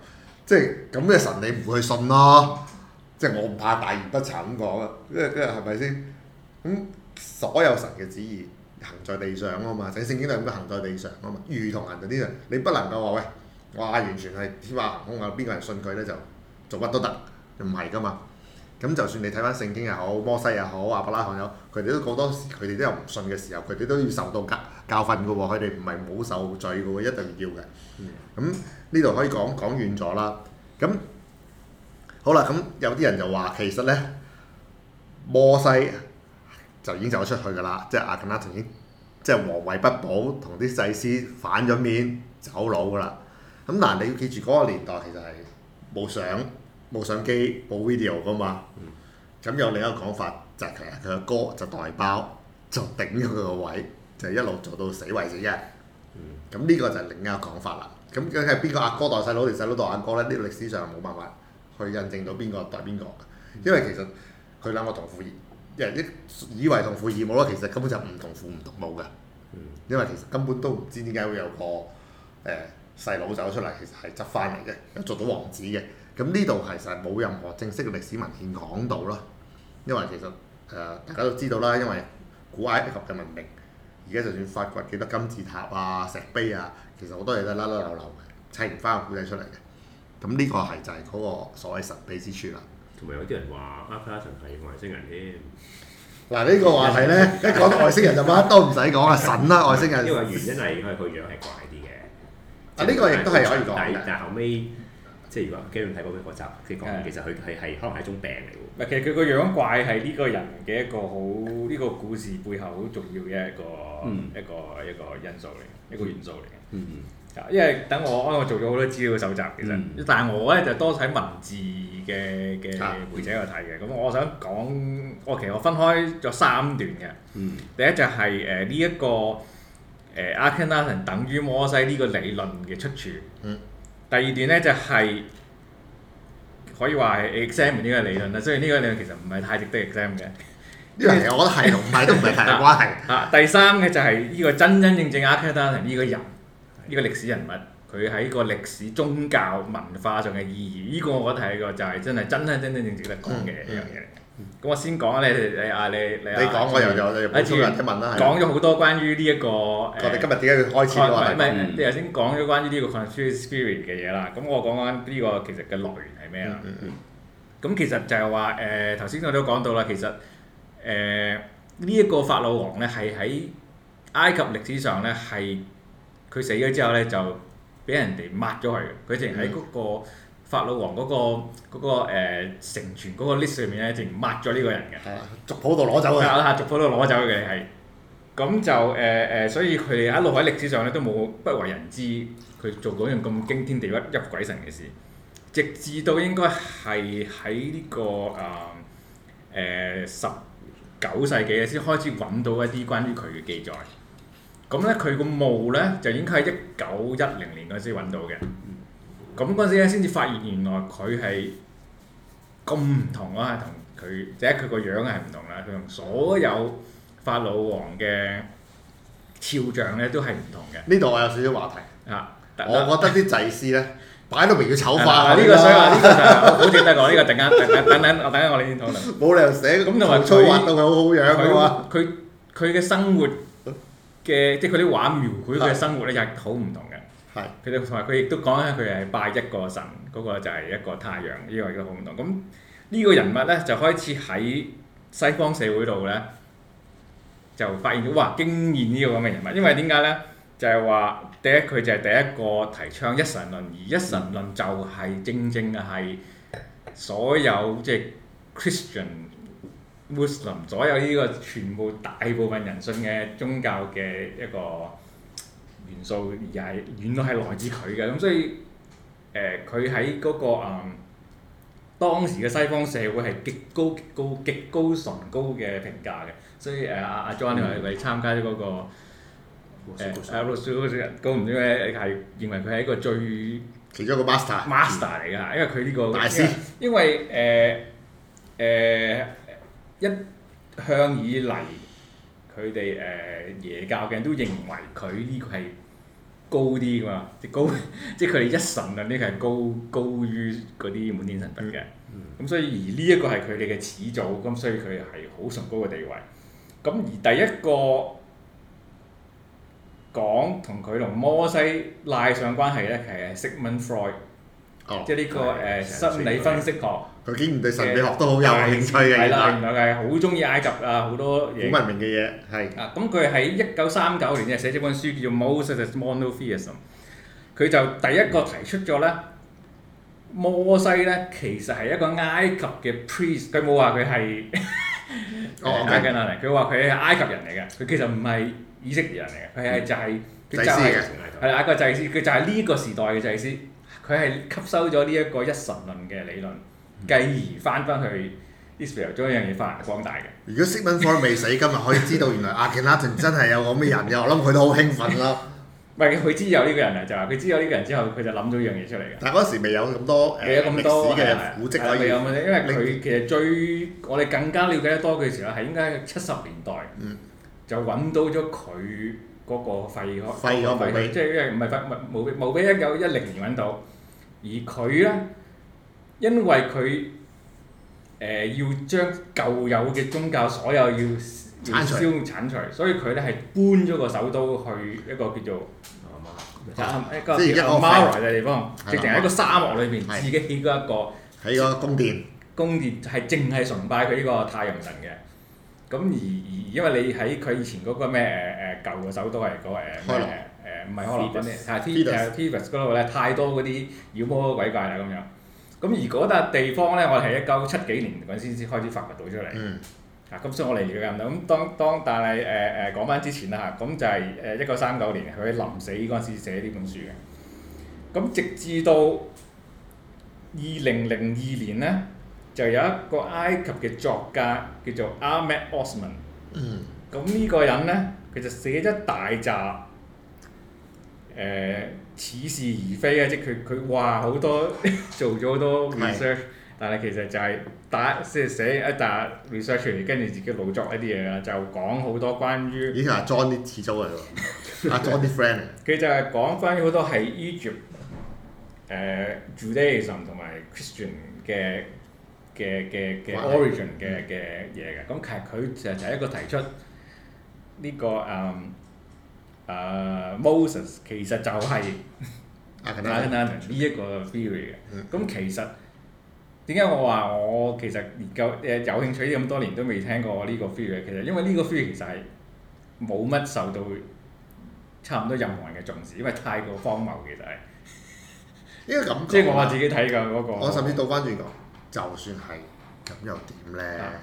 即係咁嘅神，你唔去信咯。即係我唔怕大言不慚咁講啊，即係係咪先？咁所有神嘅旨意行在地上啊嘛，整聖經都係咁樣行在地上啊嘛。如同行在地上，你不能夠話喂，哇完全係天馬行空啊！邊個人信佢咧就做乜都得，唔係噶嘛。咁就算你睇翻聖經又好，摩西又好，亞伯拉罕又好，佢哋都好多時，佢哋都有唔信嘅時候，佢哋都要受到噶教訓嘅喎，佢哋唔係冇受罪嘅喎，一定要嘅。咁呢度可以講講遠咗啦。咁好啦，咁有啲人就話其實咧，摩西就已經走咗出去嘅啦，即係阿肯拿頓已經即係王位不保，同啲祭司反咗面走佬啦。咁嗱，你要記住嗰、那個年代其實係冇相冇相機冇 video 嘅嘛。咁、嗯、有另一個講法就係其實佢嘅哥就代包就頂咗佢嘅位，就一路做到死為止啫。咁呢個就另一個講法啦。咁究竟係邊個阿哥代細佬，定細佬代阿哥咧？呢個歷史上冇辦法去印證到邊個代邊個，因為其實佢兩個同父異母，以為同父異母啦，其實根本就唔同父唔同母嘅。因為其實根本都唔知點解會有個誒細佬走出嚟，其實係執翻嚟嘅，又做到王子嘅。咁呢度其實係冇任何正式嘅歷史文獻講到咯，因為其實誒、呃、大家都知道啦，因為古埃及嘅文明。而家就算發掘幾多金字塔啊、石碑啊，其實好多嘢都係甩甩扭扭嘅，砌唔翻個古仔出嚟嘅。咁、嗯、呢、這個係就係嗰個所謂神秘之處啦。同埋有啲人話阿卡曾係外星人添。嗱呢、啊，這個話題呢， 一講到外星人就乜都唔使講啊。神啦、啊、外星人，因為原因係佢樣係怪啲嘅。呢個亦都係可以講嘅。但後尾。這個即係如果基隆睇嗰個集，佢講其實佢係係可能係一種病嚟喎。其實佢個樣怪係呢個人嘅一個好，呢、這個故事背後好重要嘅一個、嗯、一個一個因素嚟，一個元素嚟嘅。嗯、因為等我為我做咗好多資料搜集，其實，嗯、但係我咧就多睇文字嘅嘅背景嚟睇嘅。咁、嗯、我想講，我其實我分開咗三段嘅。嗯、第一就係誒呢一個誒、呃、阿肯拿頓等於摩西呢個理論嘅出處。嗯第二段咧就係、是、可以話係 exam 呢個理論啦，雖然呢個理論其實唔係太值得 exam 嘅。呢樣嘢我覺得係同唔係都唔係太大關係。嚇，第三嘅就係呢個真真正正嘅 Akhenaten 呢個人，呢、這個歷史人物，佢喺個歷史宗教文化上嘅意義，呢、這個我覺得係一個就係真係真真正正，正值得講嘅一樣嘢。嗯嗯咁我先講咧，你啊你你你講我又又又冇人問啦，講咗好多關於呢一個，我哋今日點解要開始話？唔係你頭先講咗關於呢個 conspiracy spirit 嘅嘢啦，咁我講講呢個其實嘅來源係咩啦？咁其實就係話誒，頭先我都講到啦，其實誒呢一個法老王咧係喺埃及歷史上咧係佢死咗之後咧就俾人哋抹咗佢，佢淨係喺嗰個。法老王嗰、那個嗰、那個呃、成全嗰個 list 上面咧，竟抹咗呢個人嘅的，族譜度攞走佢，族譜度攞走嘅係。咁就誒誒、呃呃，所以佢一路喺歷史上咧都冇不為人知，佢做到樣咁驚天地不泣鬼神嘅事，直至到應該係喺呢個誒誒十九世紀先開始揾到一啲關於佢嘅記載。咁咧，佢個墓咧就應該喺一九一零年嗰時揾到嘅。咁嗰陣時咧，先至發現原來佢係咁唔同啊。同佢即係佢個樣係唔同啦，佢同所有法老王嘅肖像咧都係唔同嘅。呢度我有少少話題啊！ 我覺得啲祭司咧擺到明要醜化啦。呢 個想話呢個就係，我保證得個呢個。等下，等下，等等，我等下我哋先討論。冇 理由寫咁同埋吹畫到佢好好樣嘅話，佢佢嘅生活嘅即係佢啲畫描繪佢嘅生活咧，又好唔同嘅。 係，佢哋同埋佢亦都講咧，佢係拜一個神，嗰個就係一個太陽，呢個已經好唔同。咁呢個人物咧就開始喺西方社會度咧就發現哇，驚豔呢個咁嘅人物，因為點解咧？就係話第一佢就係第一個提倡一神論，而一神論就係正正係所有即係 Christian、Muslim 所有呢個全部大部分人信嘅宗教嘅一個元素而係原來係來自佢嘅，咁所以誒佢喺嗰個誒、嗯、當時嘅西方社會係極高極高極高崇高嘅評價嘅，所以誒阿、啊、阿 John 你話你參加咗嗰、那個誒阿 Russell, 室 S、啊、人，嗰唔少咧係認為佢係一個最其中一個 master master 嚟㗎、這個事，因為佢呢個大師，因為誒誒一向以嚟佢哋誒耶教嘅人都認為佢呢個係。高啲㗎嘛，即高，即佢哋一神啊，呢個係高高於嗰啲滿天神佛嘅，咁所以而呢一個係佢哋嘅始祖，咁所以佢係好崇高嘅地位。咁而第一個講同佢同摩西拉上關係咧，係 Sigmund Freud，即呢個誒心理分析學。佢竟然對神祕學都好有興趣嘅，原來係好中意埃及啊！好多嘢好文明嘅嘢，係啊！咁佢喺一九三九年咧寫咗本書叫做《Moses Monotheism》，佢就第一個提出咗咧摩西咧其實係一個埃及嘅 priest，佢冇話佢係哦埃及人嚟，佢話佢係埃及人嚟嘅，佢其實唔係以色列人嚟嘅，佢係就係祭司嘅，係啊個祭司，佢就係呢個時代嘅祭司，佢係吸收咗呢一個一神論嘅理論。繼而翻翻去，history 將一樣嘢發揚光大嘅。如果 Sigmund Freud 未死，今日可以知道原來阿肯拿頓真係有咁咩人嘅，我諗佢都好興奮咯。唔係佢知有呢個人啊，就話佢知有呢個人之後，佢就諗咗一樣嘢出嚟嘅。但嗰時未有咁多誒歷史嘅古蹟啊，未有因為佢其實最我哋更加了解得多嘅時候，係應該喺七十年代，就揾到咗佢嗰個肺殼，廢殼無比，即係唔係廢殼無比，一九一零年揾到，而佢咧。因為佢誒要將舊有嘅宗教所有要燒燬、剷除，所以佢咧係搬咗個首都去一個叫做阿馬一個叫做馬來嘅地方，直情喺個沙漠裏邊自己起咗一個喺個宮殿，宮殿係淨係崇拜佢呢個太陽神嘅。咁而而因為你喺佢以前嗰個咩誒誒舊嘅首都係個誒誒唔係可能係 Peters 嗰度咧，太多嗰啲妖魔鬼怪啦咁樣。咁而嗰笪地方咧，我哋係一九七幾年嗰陣先先開始發掘到出嚟。嗯。咁所以我嚟住咁多。咁當當，但係誒誒講翻之前啦嚇，咁就係誒一九三九年佢臨死嗰陣時寫呢本書嘅。咁直至到二零零二年咧，就有一個埃及嘅作家叫做 Ahmed Osman。嗯。咁呢個人咧，佢就寫咗大集誒。呃似是而非啊！即係佢佢話好多做咗好多 research，是但係其實就係打即係寫一沓 research 出嚟，跟住自己老作一啲嘢啦，就講好多關於以前阿 John 啲始祖嚟喎，阿 John 啲 friend 嚟。佢就係講翻好多係 Egypt 誒 Judaism 同埋 Christian 嘅嘅嘅嘅 origin 嘅嘅嘢嘅，咁其實佢就第一個提出呢個誒。嗯 Uh, Moses 其實就係呢一個 theory 嘅、嗯，咁其實點解我話我其實而家有興趣咁多年都未聽過呢個 theory？其實因為呢個 theory 其實係冇乜受到差唔多任何人嘅重視，因為太過荒謬，其實係呢個感覺。即係我話自己睇嘅嗰個。我甚至倒翻轉講、呢個，就算係，咁又點呢？嗯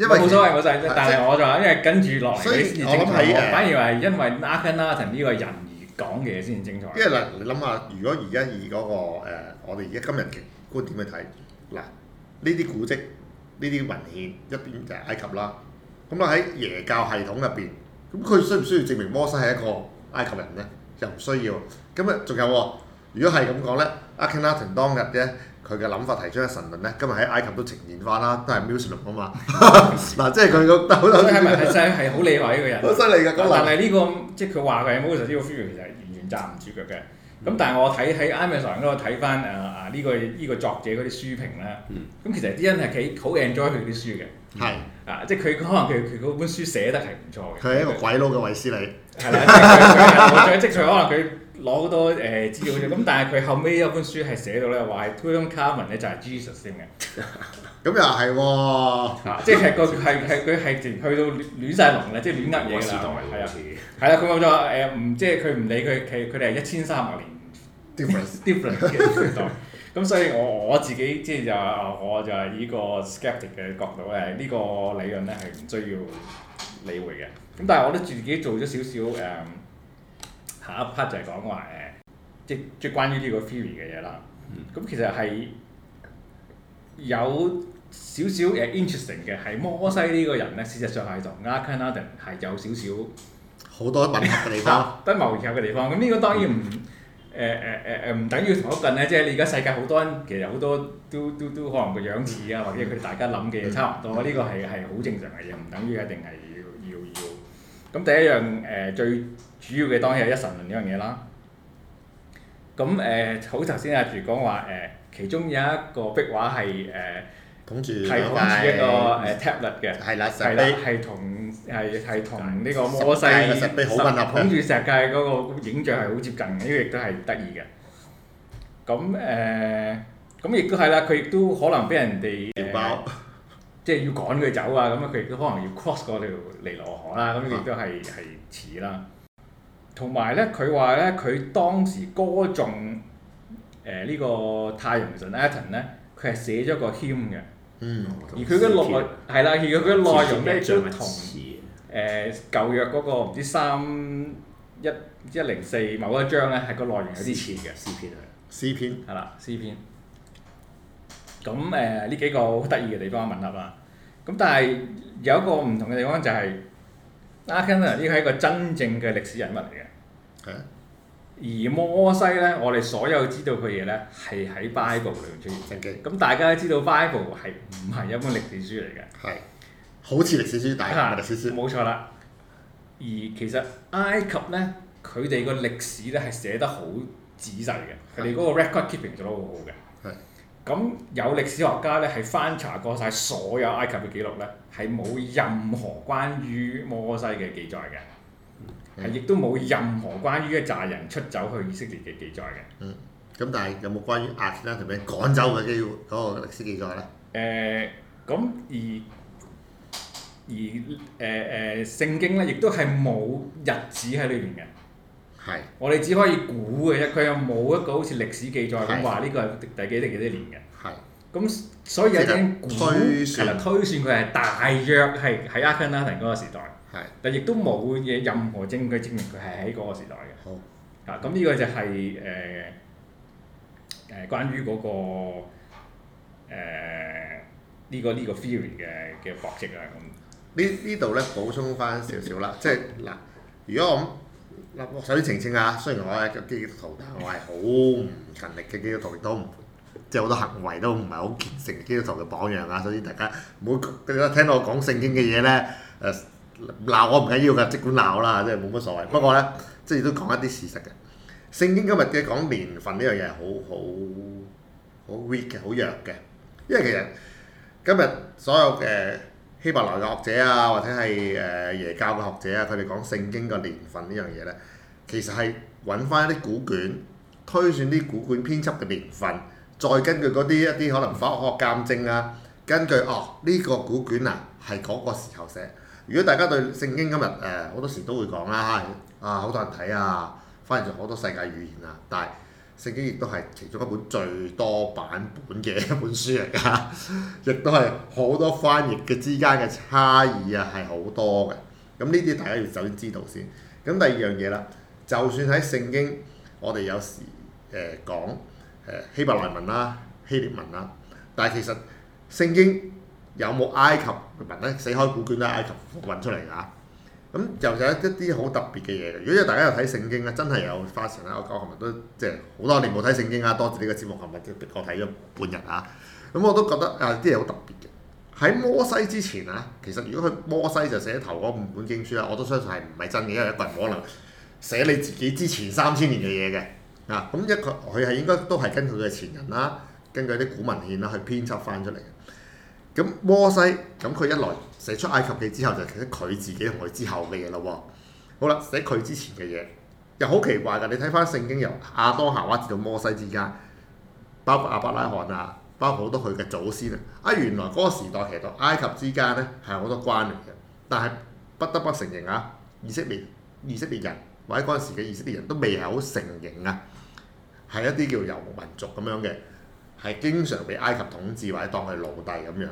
因為冇所謂我就，但係我就話，因為跟住落嚟你先至精彩。反而係因為阿肯拿頓呢個人而講嘢先至精彩。跟住嗱，你諗下，如果而家以嗰個、那個、呃、我哋而家今日嘅觀點去睇，嗱，呢啲古蹟、呢啲文獻一邊就埃及啦，咁啦，喺耶教系統入邊，咁佢需唔需要證明摩西係一個埃及人咧？又唔需要。咁啊，仲有喎？如果係咁講咧，阿肯拿頓當日咧。佢嘅諗法提出嘅神論咧，今日喺埃及都呈現翻啦，都係穆斯林啊嘛。嗱， 即係佢個，即係真係係好厲害呢個人。好犀利㗎！但係呢個即係佢佢嘅冇人知道，其實係完全站唔住腳嘅。咁但係我睇喺 Amazon 嗰度睇翻啊、這、啊呢個呢、呢個作者嗰啲書評咧，咁、嗯、其實啲人係幾好 enjoy 佢啲書嘅。係。即係佢可能佢佢嗰本書寫得係唔錯嘅。佢係一個鬼佬嘅衞斯理。係啦，佢最最最可能佢攞好多誒資料咁，但係佢後尾有本書係寫到咧，話係 Tutankhamun 咧就係 Jesus 先嘅。咁又係喎，即係個係係佢係連去到亂晒龍啦，即係亂噏嘢啦。時代係啊，係啦，佢冇咗，話唔即係佢唔理佢佢哋係一千三百年 difference，difference 嘅時代。咁所以我，我我自己即係就我就係呢個 sceptic 嘅角度咧，呢、這個理論咧係唔需要理會嘅。咁但係我都自己做咗少少誒下一 part 就係講話誒即即關於呢個 theory 嘅嘢啦。咁、嗯嗯、其實係有少少誒 interesting 嘅，係摩西呢個人咧，事實上係同阿肯拿頓係有少少好多吻合嘅地方，都矛盾嘅地方。咁呢個當然唔～、嗯誒誒誒誒唔等於同一近咧，即係你而家世界好多人，其實好多都都都可能個樣似啊，或者佢哋大家諗嘅嘢差唔多，呢 個係係好正常嘅嘢，唔等於一定係要要要。咁第一樣誒、呃、最主要嘅當然係一神論呢樣嘢啦。咁誒，好頭先阿住講話誒，其中有一個壁畫、呃、著係誒，係仿似一個 tablet 嘅，係啦、啊，係啦，係同。係係同呢個摩西捧住石界嗰個影像係好接近嘅，呢個亦都係得意嘅。咁誒，咁亦都係啦，佢亦都可能俾人哋，呃、 即係要趕佢走啊。咁佢亦都可能要 cross 嗰條尼羅河、啊、啦。咁亦都係係似啦。同埋咧，佢話咧，佢當時歌頌誒呢、呃呢個太陽神 Aten 咧，佢係、呃、寫咗個 hymn 嘅。嗯，而佢嘅內容係啦片，而佢嘅內容咧都同誒舊約嗰個唔知三一一零四某一章咧係個內容有啲似嘅詩篇啊，詩篇係啦，詩篇片。咁誒呢幾個好得意嘅地方問啦，咁但係有一個唔同嘅地方就係阿肯拿頓，呢係一個真正嘅歷史人物嚟嘅。係啊。而摩西咧，我哋所有知道嘅嘢咧，係喺 Bible 裏邊出現。正經。咁大家都知道 Bible 係唔係一本歷史書嚟嘅？係。 好似歷史書，但唔係歷史書。冇 錯啦。而其實埃及咧，佢哋個歷史咧係寫得好仔細嘅。佢哋嗰個 record keeping 做得好好嘅。係。咁有歷史學家咧係翻查過晒所有埃及嘅記錄咧，係冇任何關於摩西嘅記載嘅。係，亦都冇任何關於一紮人出走去以色列嘅記載嘅。嗯，咁但係有冇關於阿肯拿頓趕走嘅嗰個歷史記載咧？誒、呃，咁而而誒誒、呃、聖經咧，亦都係冇日子喺裏邊嘅。係是。我哋只可以估嘅啫，佢又冇一個好似歷史記載咁話呢個係第幾第幾多年嘅。係的。咁所以有啲估係啦，推算佢係大約係喺阿肯拿頓嗰個時代。係，但亦都冇嘢任何證據證明佢係喺嗰個時代嘅。好，啊咁呢個就係誒誒關於嗰、那個呢、呃這個呢、這個 theory 嘅嘅博積啦咁。這個、呢呢度咧補充翻少少啦， 即係嗱，如果我咁嗱，我首先澄清，清下，雖然我係基督徒，但係我係好唔勤力嘅基督徒，亦都即係好多行為都唔係好虔誠基督徒嘅榜樣啊。所以大家每聽到我講聖經嘅嘢咧，誒、呃。鬧我唔緊要㗎，即管鬧啦，即係冇乜所謂。不過咧，即係都講一啲事實嘅。聖經今日嘅講年份呢樣嘢係好好好 weak 嘅，好弱嘅，因為其實今日所有嘅希伯來嘅學者啊，或者係誒耶教嘅學者啊，佢哋講聖經嘅年份呢樣嘢咧，其實係揾翻一啲古卷推算啲古卷編輯嘅年份，再根據嗰啲一啲可能科學鑑證啊，根據哦呢個古卷啊係嗰個時候寫。如果大家對聖經今日誒，好多時都會講啦、哎，啊，好多人睇啊，翻譯咗好多世界語言啊，但係聖經亦都係其中一本最多版本嘅一本書嚟㗎，亦都係好多翻譯嘅之間嘅差異啊，係好多嘅。咁呢啲大家要首先知道先。咁第二樣嘢啦，就算喺聖經，我哋有時誒講誒希伯來文啦、希臘文啦，但係其實聖經。有冇埃及文呢？死海古卷都埃及運出嚟㗎、啊。咁、嗯、又係一啲好特別嘅嘢。如果大家有睇聖經啊，真係有發神啦。我今日都即係好多年冇睇聖經啊。多謝呢個節目，今日即係我睇咗半日啊。咁、嗯、我都覺得啊，啲嘢好特別嘅。喺摩西之前啊，其實如果佢摩西就寫頭嗰五本經書啊，我都相信係唔係真嘅，因為一個人可能寫你自己之前三千年嘅嘢嘅啊。咁一個佢係應該都係根據佢嘅前人啦、啊，根據啲古文獻啦、啊、去編輯翻出嚟。咁摩西咁佢一來寫出埃及記之後，就其實寫佢自己同佢之後嘅嘢咯喎。好啦，寫佢之前嘅嘢又好奇怪噶。你睇翻聖經由亞當夏娃至到摩西之間，包括亞伯拉罕啊，包括好多佢嘅祖先啊。啊，原來嗰個時代其實埃及之間咧係好多關聯嘅。但係不得不承認啊，以色列，以色列人或者嗰陣時嘅以色列人都未係好承認啊，係一啲叫遊牧民族咁樣嘅。係經常被埃及統治或者當佢奴隸咁樣，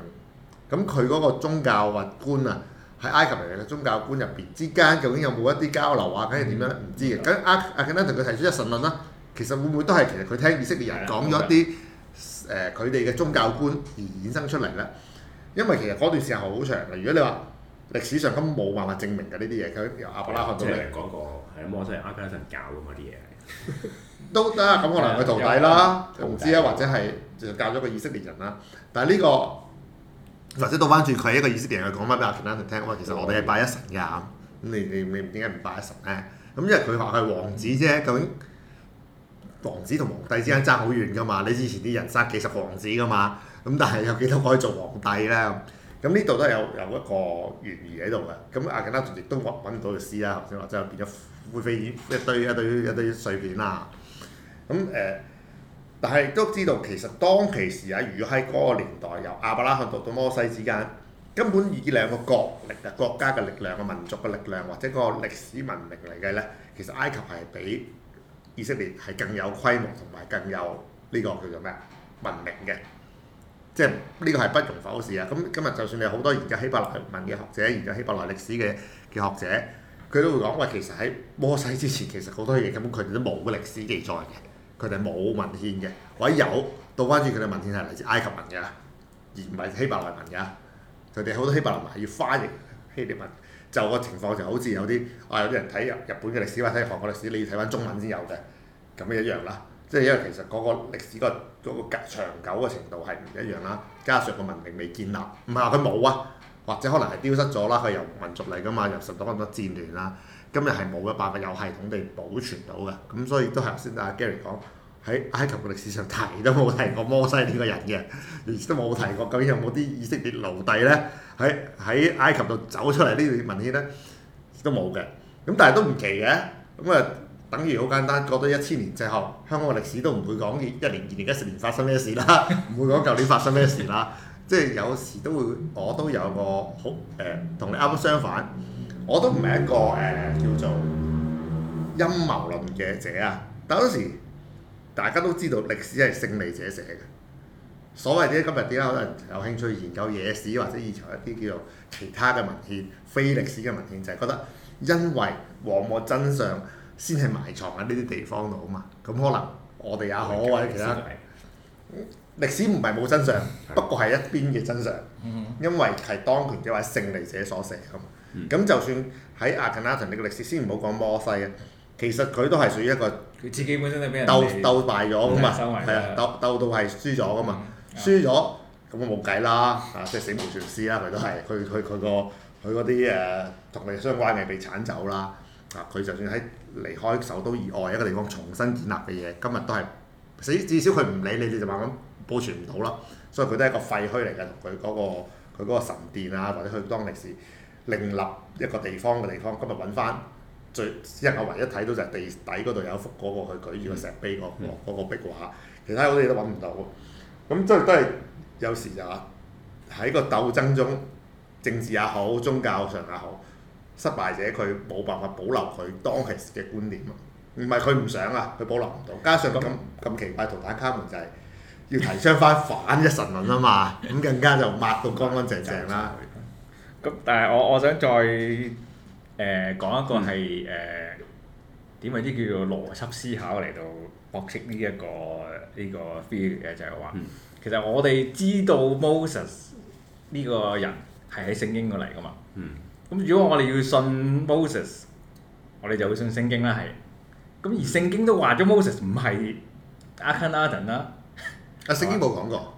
咁佢嗰個宗教或官啊，喺埃及嚟嘅宗教官入邊之間，究竟有冇一啲交流啊？梗係點樣咧？唔知嘅，緊、嗯嗯、阿阿 g 同佢提出一神論啦。其實會唔會都係其實佢聽以色列人講咗、嗯嗯嗯、一啲誒佢哋嘅宗教官而衍生出嚟咧？因為其實嗰段時間好長嘅。如果你話歷史上根冇辦法證明嘅呢啲嘢，佢由阿布拉伯看到嚟講過，係啊、嗯，即係埃及神教咁啊啲嘢。 都得咁，可能佢徒弟啦，唔知啊，或者係就教咗個以色列人啦。但係呢個或者倒翻轉，佢係一個以色列人去講翻俾阿肯拿頓聽，話、嗯、其實我哋係拜一神㗎。咁你你你點解唔拜一神咧？咁因為佢話佢係王子啫。究竟王子同皇帝之間差好遠㗎嘛？你之前啲人生幾十個王子㗎嘛？咁但係有幾多可以做皇帝咧？咁呢度都有有一個懸疑喺度嘅。咁阿肯拿頓亦都揾唔到個詩啦，或者或者變咗灰飛煙一堆一堆，一堆，一，堆，一，堆，一，堆一堆碎片啦。咁誒，但係都知道其實當其時啊，如果喺嗰個年代由亞伯拉罕到到摩西之間，根本以兩個國力啊，國家嘅力量啊，民族嘅力量或者個歷史文明嚟計咧，其實埃及係比以色列係更有規模同埋更有呢個叫做咩文明嘅，即係呢個係不容否視啊。咁今日就算你好多研究希伯來文嘅學者，研究希伯來歷史嘅嘅學者，佢都會講，喂，其實喺摩西之前，其實好多嘢根本佢哋都冇歷史記載嘅。佢哋冇文獻嘅，或者有，到翻轉佢哋文獻係嚟自埃及文嘅，而唔係希伯來文嘅。佢哋好多希伯來文係要翻譯希臘文，就個情況就好似有啲，啊、哦、有啲人睇日本嘅歷史或者睇韓國歷史，你要睇翻中文先有嘅，咁一樣啦。即係因為其實嗰個歷史、個嗰個長久嘅程度係唔一樣啦，加上個文明未建立，唔係話佢冇啊，或者可能係丟失咗啦。佢由民族嚟噶嘛，又受到好多戰亂啦。今日係冇嘅辦法，有系統地保存到嘅，咁所以都係頭先阿 Gary 講，喺埃及嘅歷史上提都冇提過摩西呢個人嘅，亦都冇提過究竟有冇啲以色列奴隸咧喺喺埃及度走出嚟呢段文獻咧，都冇嘅。咁但係都唔奇嘅，咁啊，等於好簡單過多一千年之後，香港嘅歷史都唔會講一年、二年、一四年發生咩事啦，唔 會講舊年發生咩事啦。即係有時都會，我都有個好誒，同你啱啱相反。我都唔係一個誒、呃、叫做陰謀論嘅者啊！但好多時大家都知道歷史係勝利者寫嘅。所謂啲今日點解有啲人有興趣研究野史或者以前一啲叫做其他嘅文獻、非歷史嘅文獻，就係、是、覺得因為往往真相先係埋藏喺呢啲地方度啊嘛。咁可能我哋也可或者其他的歷史唔係冇真相，不的過係一邊嘅真相，因為係當權者或者勝利者所寫啊。咁、嗯、就算喺阿肯拿頓嘅歷史先唔好講摩西啊，其實佢都係屬於一個佢自己本身都俾人鬥鬥敗咗，咁啊，係啊，鬥鬥到係輸咗噶嘛，輸咗咁我冇計啦，啊即係死無全屍啦，佢都係，佢佢佢個佢嗰啲誒同你相關嘅被鏟走啦，啊佢就算喺離開首都以外一個地方重新建立嘅嘢，今日都係至少佢唔理你，你就話咁保存唔到啦，所以佢都係一個廢墟嚟嘅，佢嗰佢嗰個神殿啊，或者佢當歷史。另立一個地方嘅地方，今日揾翻最一、我唯一睇到就係地底嗰度有幅嗰、嗰個佢舉住個石碑嗰、嗰個嗰個壁畫，其他好多嘢都揾唔到。咁即係都係有時就話、係、喺個鬥爭中，政治也好，宗教上也好，失敗者佢冇辦法保留佢當其時嘅觀念，唔係佢唔想啊，佢保留唔到。加上個咁咁奇怪，圖坦卡門就係要提倡翻反一神論啊嘛，咁更加就抹到乾乾淨淨啦。但係我我想再誒講、呃、一個係誒點為之叫做邏輯思考嚟到駁斥呢一個呢、這個 feel 嘅就係、是、話，嗯、其實我哋知道 Moses 呢個人係喺聖經嗰嚟噶嘛。咁、嗯、如果我哋要信 Moses，我哋就會信聖經啦。係咁，而聖經都話咗 Moses 唔係阿肯拿頓啦，阿，聖經冇講過。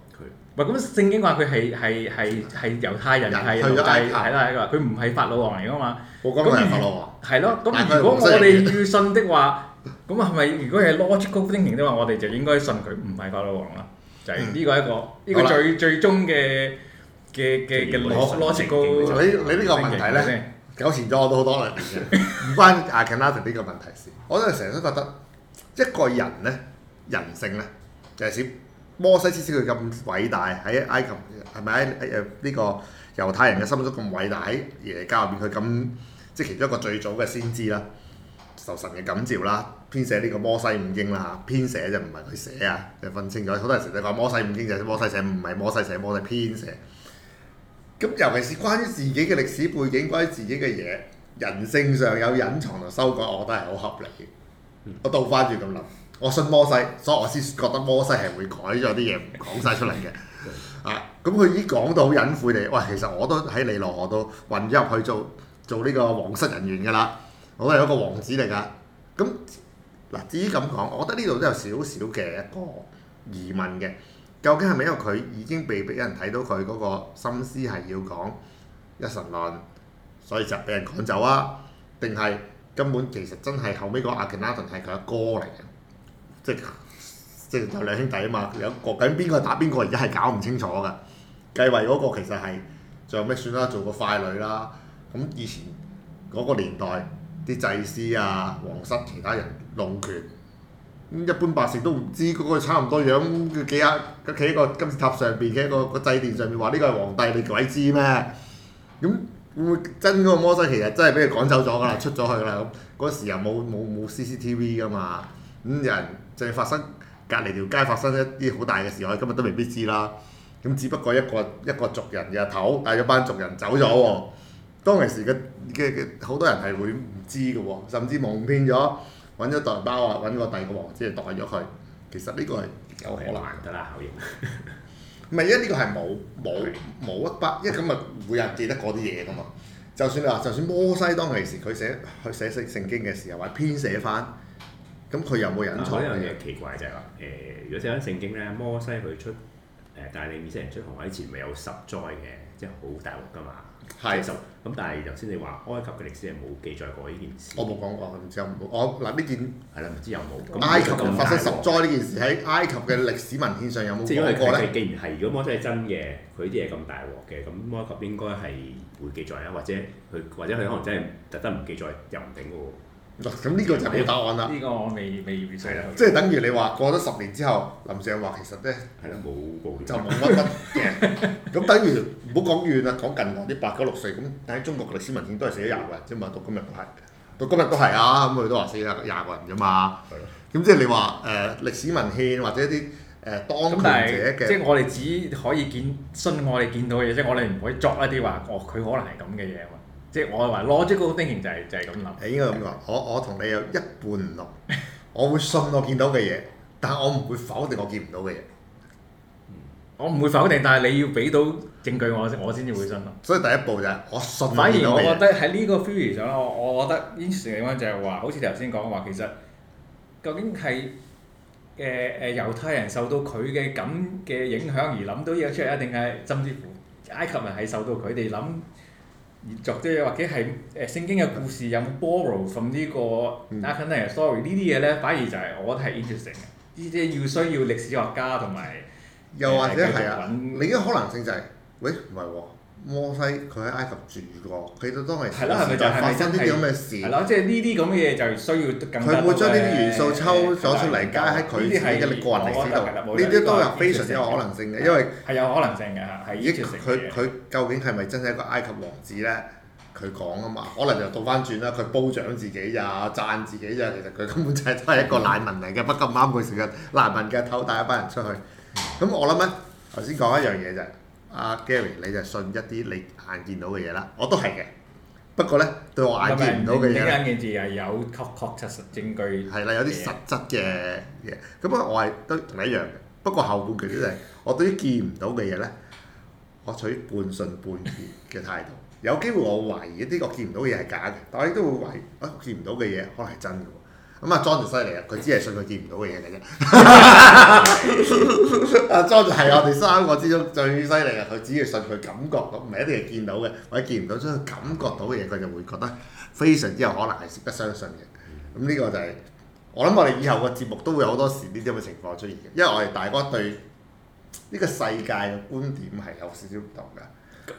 唔係，咁聖經話佢係係係係猶太人係奴隸一啦，佢唔係法老王嚟噶嘛？我講法老王。係咯，咁如果我哋要信的話，咁係咪如果係 logical thinking 的話，我哋就應該信佢唔係法老王啦？就係呢個一個呢個最最終嘅嘅嘅嘅 logical。a l 你你呢個問題咧，糾纏咗我都好多輪，唔關阿肯拿頓呢個問題事。我真係成日都覺得一個人咧，人性咧就係少。摩西先知佢咁偉大喺埃及係咪？喺誒呢個猶太人嘅心目中咁偉大，喺耶教入面，佢咁即係其中一個最早嘅先知啦。受神嘅感召啦，編寫呢、這個摩西五經啦嚇。編寫就唔係佢寫啊，就分清楚時。好多人成日講摩西五經就係、是、摩西寫，唔係摩西寫，摩西編寫。咁尤其是關於自己嘅歷史背景，關於自己嘅嘢，人性上有隱藏同修改，我覺得係好合理。我倒翻住咁諗。我信摩西，所以我先覺得摩西係會改咗啲嘢，唔講晒出嚟嘅 啊。咁佢已經講到好隱晦地，喂！其實我都喺尼羅河度混咗入去做做呢個皇室人員㗎啦，我都係一個王子嚟㗎。咁嗱，至於咁講，我覺得呢度都有少少嘅一個疑問嘅，究竟係咪因為佢已經被俾人睇到佢嗰個心思係要講一神論，所以就俾人趕走啊？定係根本其實真係後尾個阿肯拿頓係佢阿哥嚟嘅？即係即係兩兄弟啊嘛，有講緊邊個打邊個，而家係搞唔清楚㗎。繼位嗰個其實係，仲有咩算啦？做個傀儡啦。咁以前嗰個年代，啲祭司啊、皇室其他人弄權咁一般百姓都唔知嗰、那個差唔多樣嘅下，企喺個金字塔上邊，企喺個個祭殿上面話呢個係皇帝，你鬼知咩？咁會唔會真個摩西其實真係俾佢趕走咗㗎啦，出咗去㗎啦咁。嗰時又冇冇冇 CCTV 噶嘛？咁人就係發生隔離條街發生一啲好大嘅事，我哋今日都未必知啦。咁只不過一個一個族人嘅頭帶咗班族人走咗喎。當其時嘅嘅好多人係會唔知嘅喎，甚至蒙騙咗揾咗袋包啊，揾個第二個王子嚟代咗佢。其實呢個係有可能㗎啦，後影。唔係，因為呢個係冇冇冇一筆， 因為今日每日記得嗰啲嘢噶嘛。就算你話，就算摩西當其時佢寫佢寫，寫聖聖經嘅時候，話編寫翻。咁佢有冇隱藏？嗰、啊、一樣嘢奇怪就係、是、話，誒、呃，如果睇翻聖經咧，摩西佢出、呃、帶領以色列人出紅海之前，咪有十災嘅，即係好大鑊噶嘛。係是的、嗯。咁但係頭先你話埃及嘅歷史係冇記載過呢件事。我冇講過，唔知有冇。我嗱呢、啊、件係啦，唔、啊、知有冇。咁、嗯、埃及咁發生十災呢件事喺埃及嘅歷史文獻上有冇因記過咧？既然係，如果摩西係真嘅，佢啲嘢咁大鑊嘅，咁埃及應該係會記載啊，或者佢或者佢可能真係特登唔記載又唔定噶喎。嗱，咁呢個就冇答案啦。呢個我未未完善。對即係等於你話過咗十年之後，林鄭話其實咧，係啦，冇就冇乜乜嘅。咁 等於唔好講遠啦，講近來啲八九六四咁，喺中國嘅歷史文獻都係寫咗廿個人啫嘛，到今日都係，到今日都係啊。咁佢 4, 都話死啊，廿個人啫嘛。係對。咁即係你話誒歷史文獻或者啲誒當權者嘅，即係、就是、我哋只可以見信我哋見到嘅嘢，即、就、係、是、我哋唔可以作一啲話哦，佢可能係咁嘅嘢。即係我係話 logical thinking 就係就係咁諗。係應該咁講對，我我同你有一半唔同。 我會信我見到嘅嘢，但係我唔會否定我見唔到嘅嘢，嗯。我唔會否定，但係你要俾到證據我，我我先至會信。所以第一步就係我，信我。信。反而我覺得喺呢個 feel 上，我我覺得 interesting 嚟講就係話，好似你頭先講話，其實究竟係誒誒猶太人受到佢嘅咁嘅影響而諗到呢嘢出嚟，定係甚至乎埃及人係受到佢哋諗？作啲嘢或者係《誒、啊、聖經嘅故事有冇 borrow from this,、嗯啊、story, 呢個？accounting 嘅 story 呢啲嘢咧反而就係、是、我覺得係 interesting 嘅，呢啲要需要歷史學家同埋又誒揾、啊，另一個你嘅可能性就係、是：喂唔係喎。摩西佢喺埃及住過，佢都當係事實。發生呢啲咁嘅事。係咯，即係呢啲咁嘅嘢就需要。佢會將呢啲元素抽咗出嚟，加喺佢自己嘅個人歷史度。呢啲嘅，冇錯。呢啲都有非常有可能性嘅，因為係有可能性嘅。係呢佢佢究竟係咪真係一個埃及王子咧？佢講啊嘛，可能就倒翻轉啦，佢褒獎自己呀，讚自己呀，其實佢根本就係都係一個難民嚟嘅。不過啱佢成日難民嘅頭帶一班人出去。咁我諗咧，頭先講一樣嘢啫。阿 Gary，你就信一啲你眼見到嘅嘢啦，我都係嘅。不過咧，對我眼見唔到嘅嘢，呢兩件事係有確確實實證據，係啦，有啲實質嘅嘢。咁啊，我係都同你一樣嘅。不過後半句都係，我對於見唔到嘅嘢咧，我取半信半疑嘅態度。有機會我懷疑一啲我見唔到嘅嘢係假嘅，但係亦都會懷疑啊，見唔到嘅嘢可能係真嘅。咁啊，莊就犀利啊！佢只係信佢見唔到嘅嘢嚟嘅啫。阿 莊就係我哋三個之中最犀利啊！佢只要信佢感覺到，唔係一定係見到嘅，或者見唔到，將佢感覺到嘅嘢，佢就會覺得非常之有可能係識得相信嘅。咁呢個就係我諗，我哋以後嘅節目都會有好多時呢啲咁嘅情況出現嘅，因為我哋大哥對呢個世界嘅觀點係有少少唔同㗎。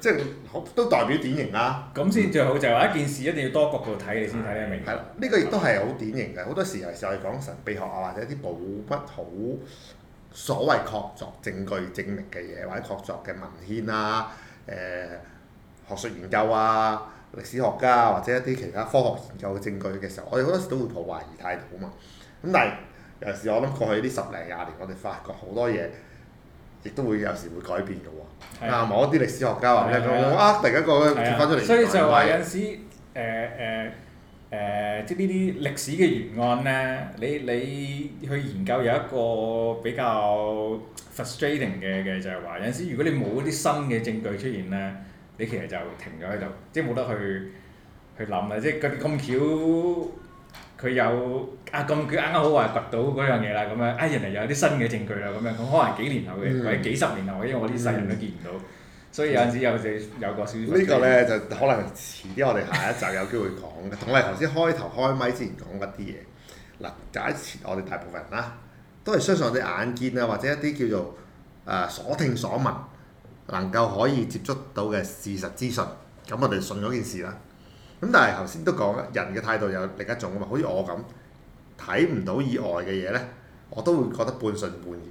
即係好都代表典型啦、啊，咁先、嗯、最好就係、是、一件事一定要多角度睇你先睇得明。係啦，呢個亦都係好典型嘅，好多時尤其係講神秘學啊，證證啊、呃、學，啊學啊，或者一啲冇乜好所謂確鑿證據證明嘅嘢，或者確鑿嘅文獻啊，誒學術研究啊，歷史學家或者一啲其他科學研究嘅證據嘅時候，我哋好多時都會抱懷疑態度啊嘛。咁但係有時我諗過去呢十零廿年，年，我哋發覺好多嘢。亦都會有時會改變嘅喎。嗱，某啲歷史學家話咩咁，呃啊突然間個轉翻出嚟，所以就話有時誒誒誒，即係呢啲歷史嘅原案咧，你你去研究有一個比較 frustrating 嘅嘅就係話，有時如果你冇啲新嘅證據出現咧，你其實就停咗喺度，即係冇得去去諗啦，即係咁咁巧。佢有啊咁佢啱啱好話掘到嗰樣嘢啦，咁樣啊、哎、人哋有啲新嘅證據啦，咁樣咁可能幾年後嘅、嗯、或者幾十年後嘅，因為我啲世人都見唔到，嗯、所以有陣時有有個小小。呢個咧就可能遲啲我哋下一集有機會講嘅， 同埋頭先開頭開麥之前講嗰啲嘢嗱，假設我哋大部分人啦都係相信我哋眼見啊，或者一啲叫做誒、呃、所聽所聞能夠可以接觸到嘅事實資訊，咁我哋信嗰件事啦。咁但係頭先都講啦，人嘅態度有另一種啊嘛，好似我咁睇唔到以外嘅嘢咧，我都會覺得半信半疑。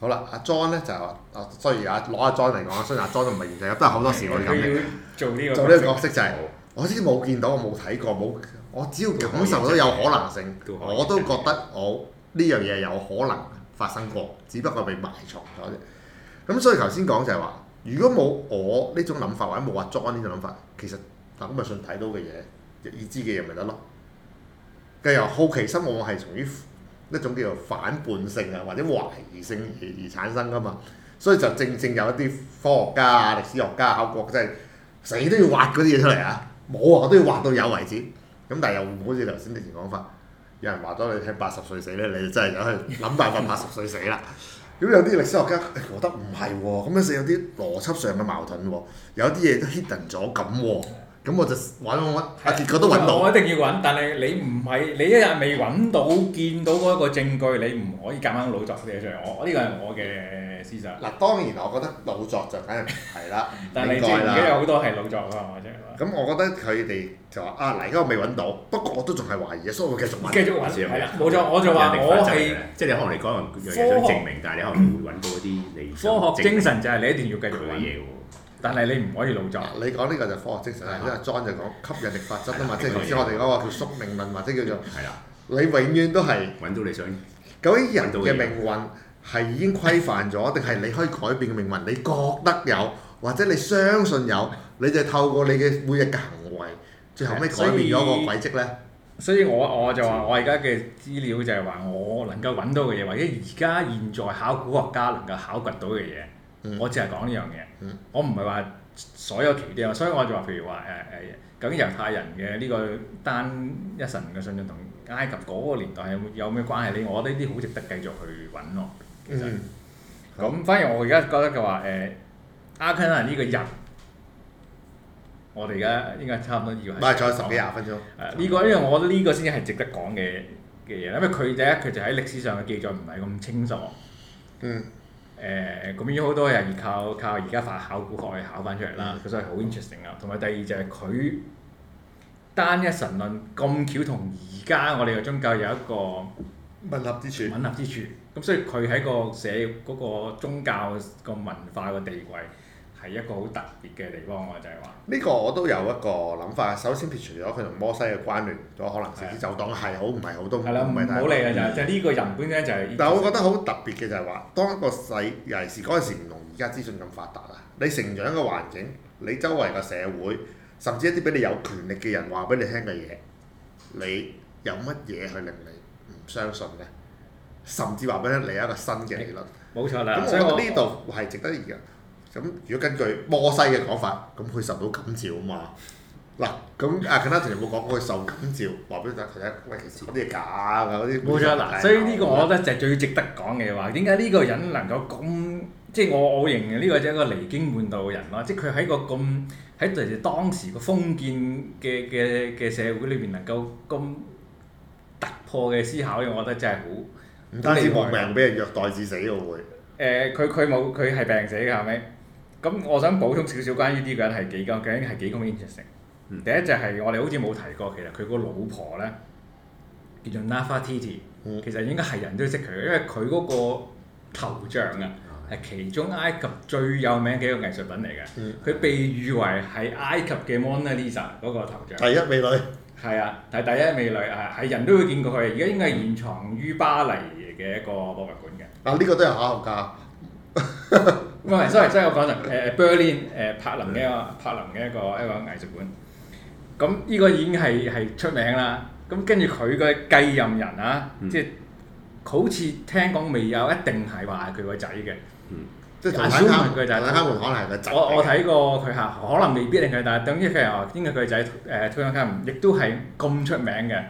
好啦，阿莊咧就係話，啊，雖然阿攞阿莊嚟講，雖然阿莊都唔係現實入，都係好多時我哋咁嘅。做呢個做呢個角色就係、是、好我先冇見到，我冇睇過，冇我只要感受到有可能性，我都覺得我呢樣嘢有可能發生過，只不過被埋藏咗啫。咁所以頭先講就係話，如果冇我呢種諗法或者冇阿莊呢種諗法，其實咁咪信睇到嘅嘢，已知嘅嘢咪得咯。咁又好奇心，往往係從於一種叫做反叛性啊，或者懷疑性而而產生噶嘛。所以就正正有一啲科學家啊、歷史學家考國，真係，死都要挖嗰啲嘢出嚟啊！冇啊，我都要挖到有為止。咁但係又好似頭先之前講法，有人話咗你聽八十歲死咧，你就真係走去諗辦法八十歲死啦。咁 有啲歷史學家，誒、哎，覺得唔係喎，咁樣死有啲邏輯上嘅矛盾喎、啊，有啲嘢都 hidden 咗咁喎。咁我就揾我揾，啊，結果都揾到。我一定要揾，但係你唔係你一日未揾到見到嗰一個證據，你唔可以夾硬老作嘅嘢出嚟。我呢個係我嘅思想。嗱，當然我覺得老作就緊係係啦，呢個啦。但係你證明有好多係老作啦，嘛？係咪先？咁我覺得佢哋就話啊，嗱，而家我未揾到，不過我都仲係懷疑，所以我繼續揾。繼續揾係啊，冇錯，我就話我係。即係你可能你講樣嘢想證明，但係你可能冇揾到啲你。科學精神就係你一定要繼續揾嘢喎。但係你唔可以老作。你講呢個就科學精神啊！因為莊就講吸引力法則啊嘛，即係頭先我哋嗰個叫宿命論的或者叫做，你永遠都係揾到你想。究竟人嘅命運係已經規範咗，定係 你可以改變嘅命運？你覺得有，或者你相信有，你就透過你嘅每日嘅行為，最後尾改變咗個軌跡呢？所以，所以我我就話我而家嘅資料就係話我能夠揾到嘅嘢，或者而家現在考古學家能夠考掘到嘅嘢，嗯、我凈係講呢樣嘢。我唔係話所有奇蹟啊，所以我就話譬如話誒誒，究竟猶太人嘅呢個單一神嘅信仰同埃及嗰個年代係有咩關係咧？我覺得呢啲好值得繼續去揾咯。其實，咁、嗯、反而我而家覺得就話誒阿肯拿頓呢個人，我哋而家應該差唔多要唔係仲有十幾廿分鐘？呢、啊這個因為我覺得呢個先至係值得講嘅嘅嘢，因為佢第一佢就喺歷史上嘅記載唔係咁清楚。嗯。誒咁而好多人靠靠而家法考古學去考翻出嚟啦，佢真係好 interesting 啊。同埋第二就係、是、佢單一神論咁巧同而家我哋嘅宗教有一個吻合之處，吻合之處。咁所以佢喺個社嗰個宗教個文化個地位，係一個好特別嘅地方，我就係、是、話。呢個我都有一個諗法。首先撇除咗佢同摩西嘅關聯，咗可能甚至就當係好唔係好都唔係。唔好理啦，就就是、呢個人本身就係。但係我覺得好特別嘅就係話，當一個世，尤其是嗰陣時唔同而家資訊咁發達啊！你成長嘅環境，你周圍嘅社會，甚至一啲俾你有權力嘅人話俾你聽嘅嘢，你有乜嘢去令你唔相信呢？甚至話俾你一個新嘅理論。冇錯啦，咁我呢度係值得而家。咁如果根據摩西嘅講法，咁佢受到感召啊嘛。嗱，咁阿肯拿頓有冇講過佢受感召？話俾大家聽。喂，其實嗰啲係假嘅，嗰啲冇錯。嗱、啊，啊啊、所以呢個我覺得就係最值得講嘅話。點解呢個人能夠咁？即、就、係、是、我我認呢、呢個就一個離經叛道嘅人啊！即係佢喺個咁喺當時當時個封建嘅嘅嘅社會裏面能夠咁突破嘅思考，我覺得真係好。唔不單止冇命俾人虐待至死喎會。誒，佢佢冇佢係病死㗎，係咪？咁我想補充少少關於呢個人係幾個，究竟係幾咁 interesting？第一就係我哋好似冇提過，其實佢個老婆咧叫做 Nefertiti，其實應該係人都識佢，因為佢嗰個頭像啊係其中埃及最有名嘅一個藝術品嚟嘅，佢被譽為係埃及嘅 Mona 蒙娜麗莎嗰個頭像，第一美女。係啊，但係第一美女啊，係人都會見過佢，而家應該係現藏於巴黎嘅一個博物館嘅。嗱、啊，呢、這個都係考古家。唔 係 sorry 真係我講啦。誒、呃、Berlin，柏林嘅，呃、一個柏林嘅一個一個藝術館。咁呢個已經係係出名啦。咁跟住佢嘅繼任人啊，即係、嗯就是、好似聽講未有一定係話係佢個仔嘅。即係同佢仔。可能係個仔。我我睇過佢嚇，可能未必定佢，但係等於佢又應該佢嘅仔，誒同樣佢亦都係咁出名嘅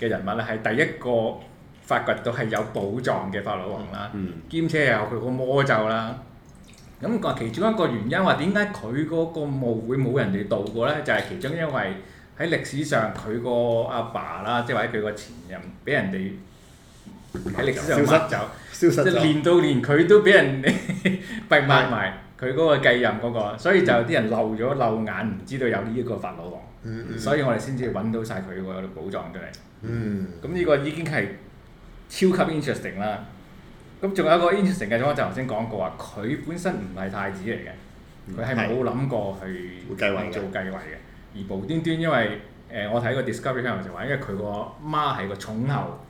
嘅人物咧，係、嗯嗯、第一個。發掘到係有寶藏嘅法老王啦，嗯、兼且又有佢個魔咒啦。咁個其中一個原因話點解佢嗰個墓會冇人哋到過呢？就係、係、其中因為喺歷史上佢個阿爸啦，即係話佢個前任俾人哋喺歷史上消失走，消失即係連到連佢都俾人哋閉埋埋佢嗰個繼任嗰、嗰個，所以就啲人漏咗漏眼，唔知道有呢一個法老王，嗯嗯、所以我哋先至揾到晒佢嗰個寶藏出嚟。嗯，咁呢、嗯、個已經係。超級 interesting 啦！咁、嗯、仲有一個 interesting 嘅地方，就頭先講過話，佢本身唔係太子嚟嘅，佢係冇諗過去的做繼位嘅。的而無端端因為誒、呃，我睇個 Discovery Channel 就話，因為佢個媽係個寵后，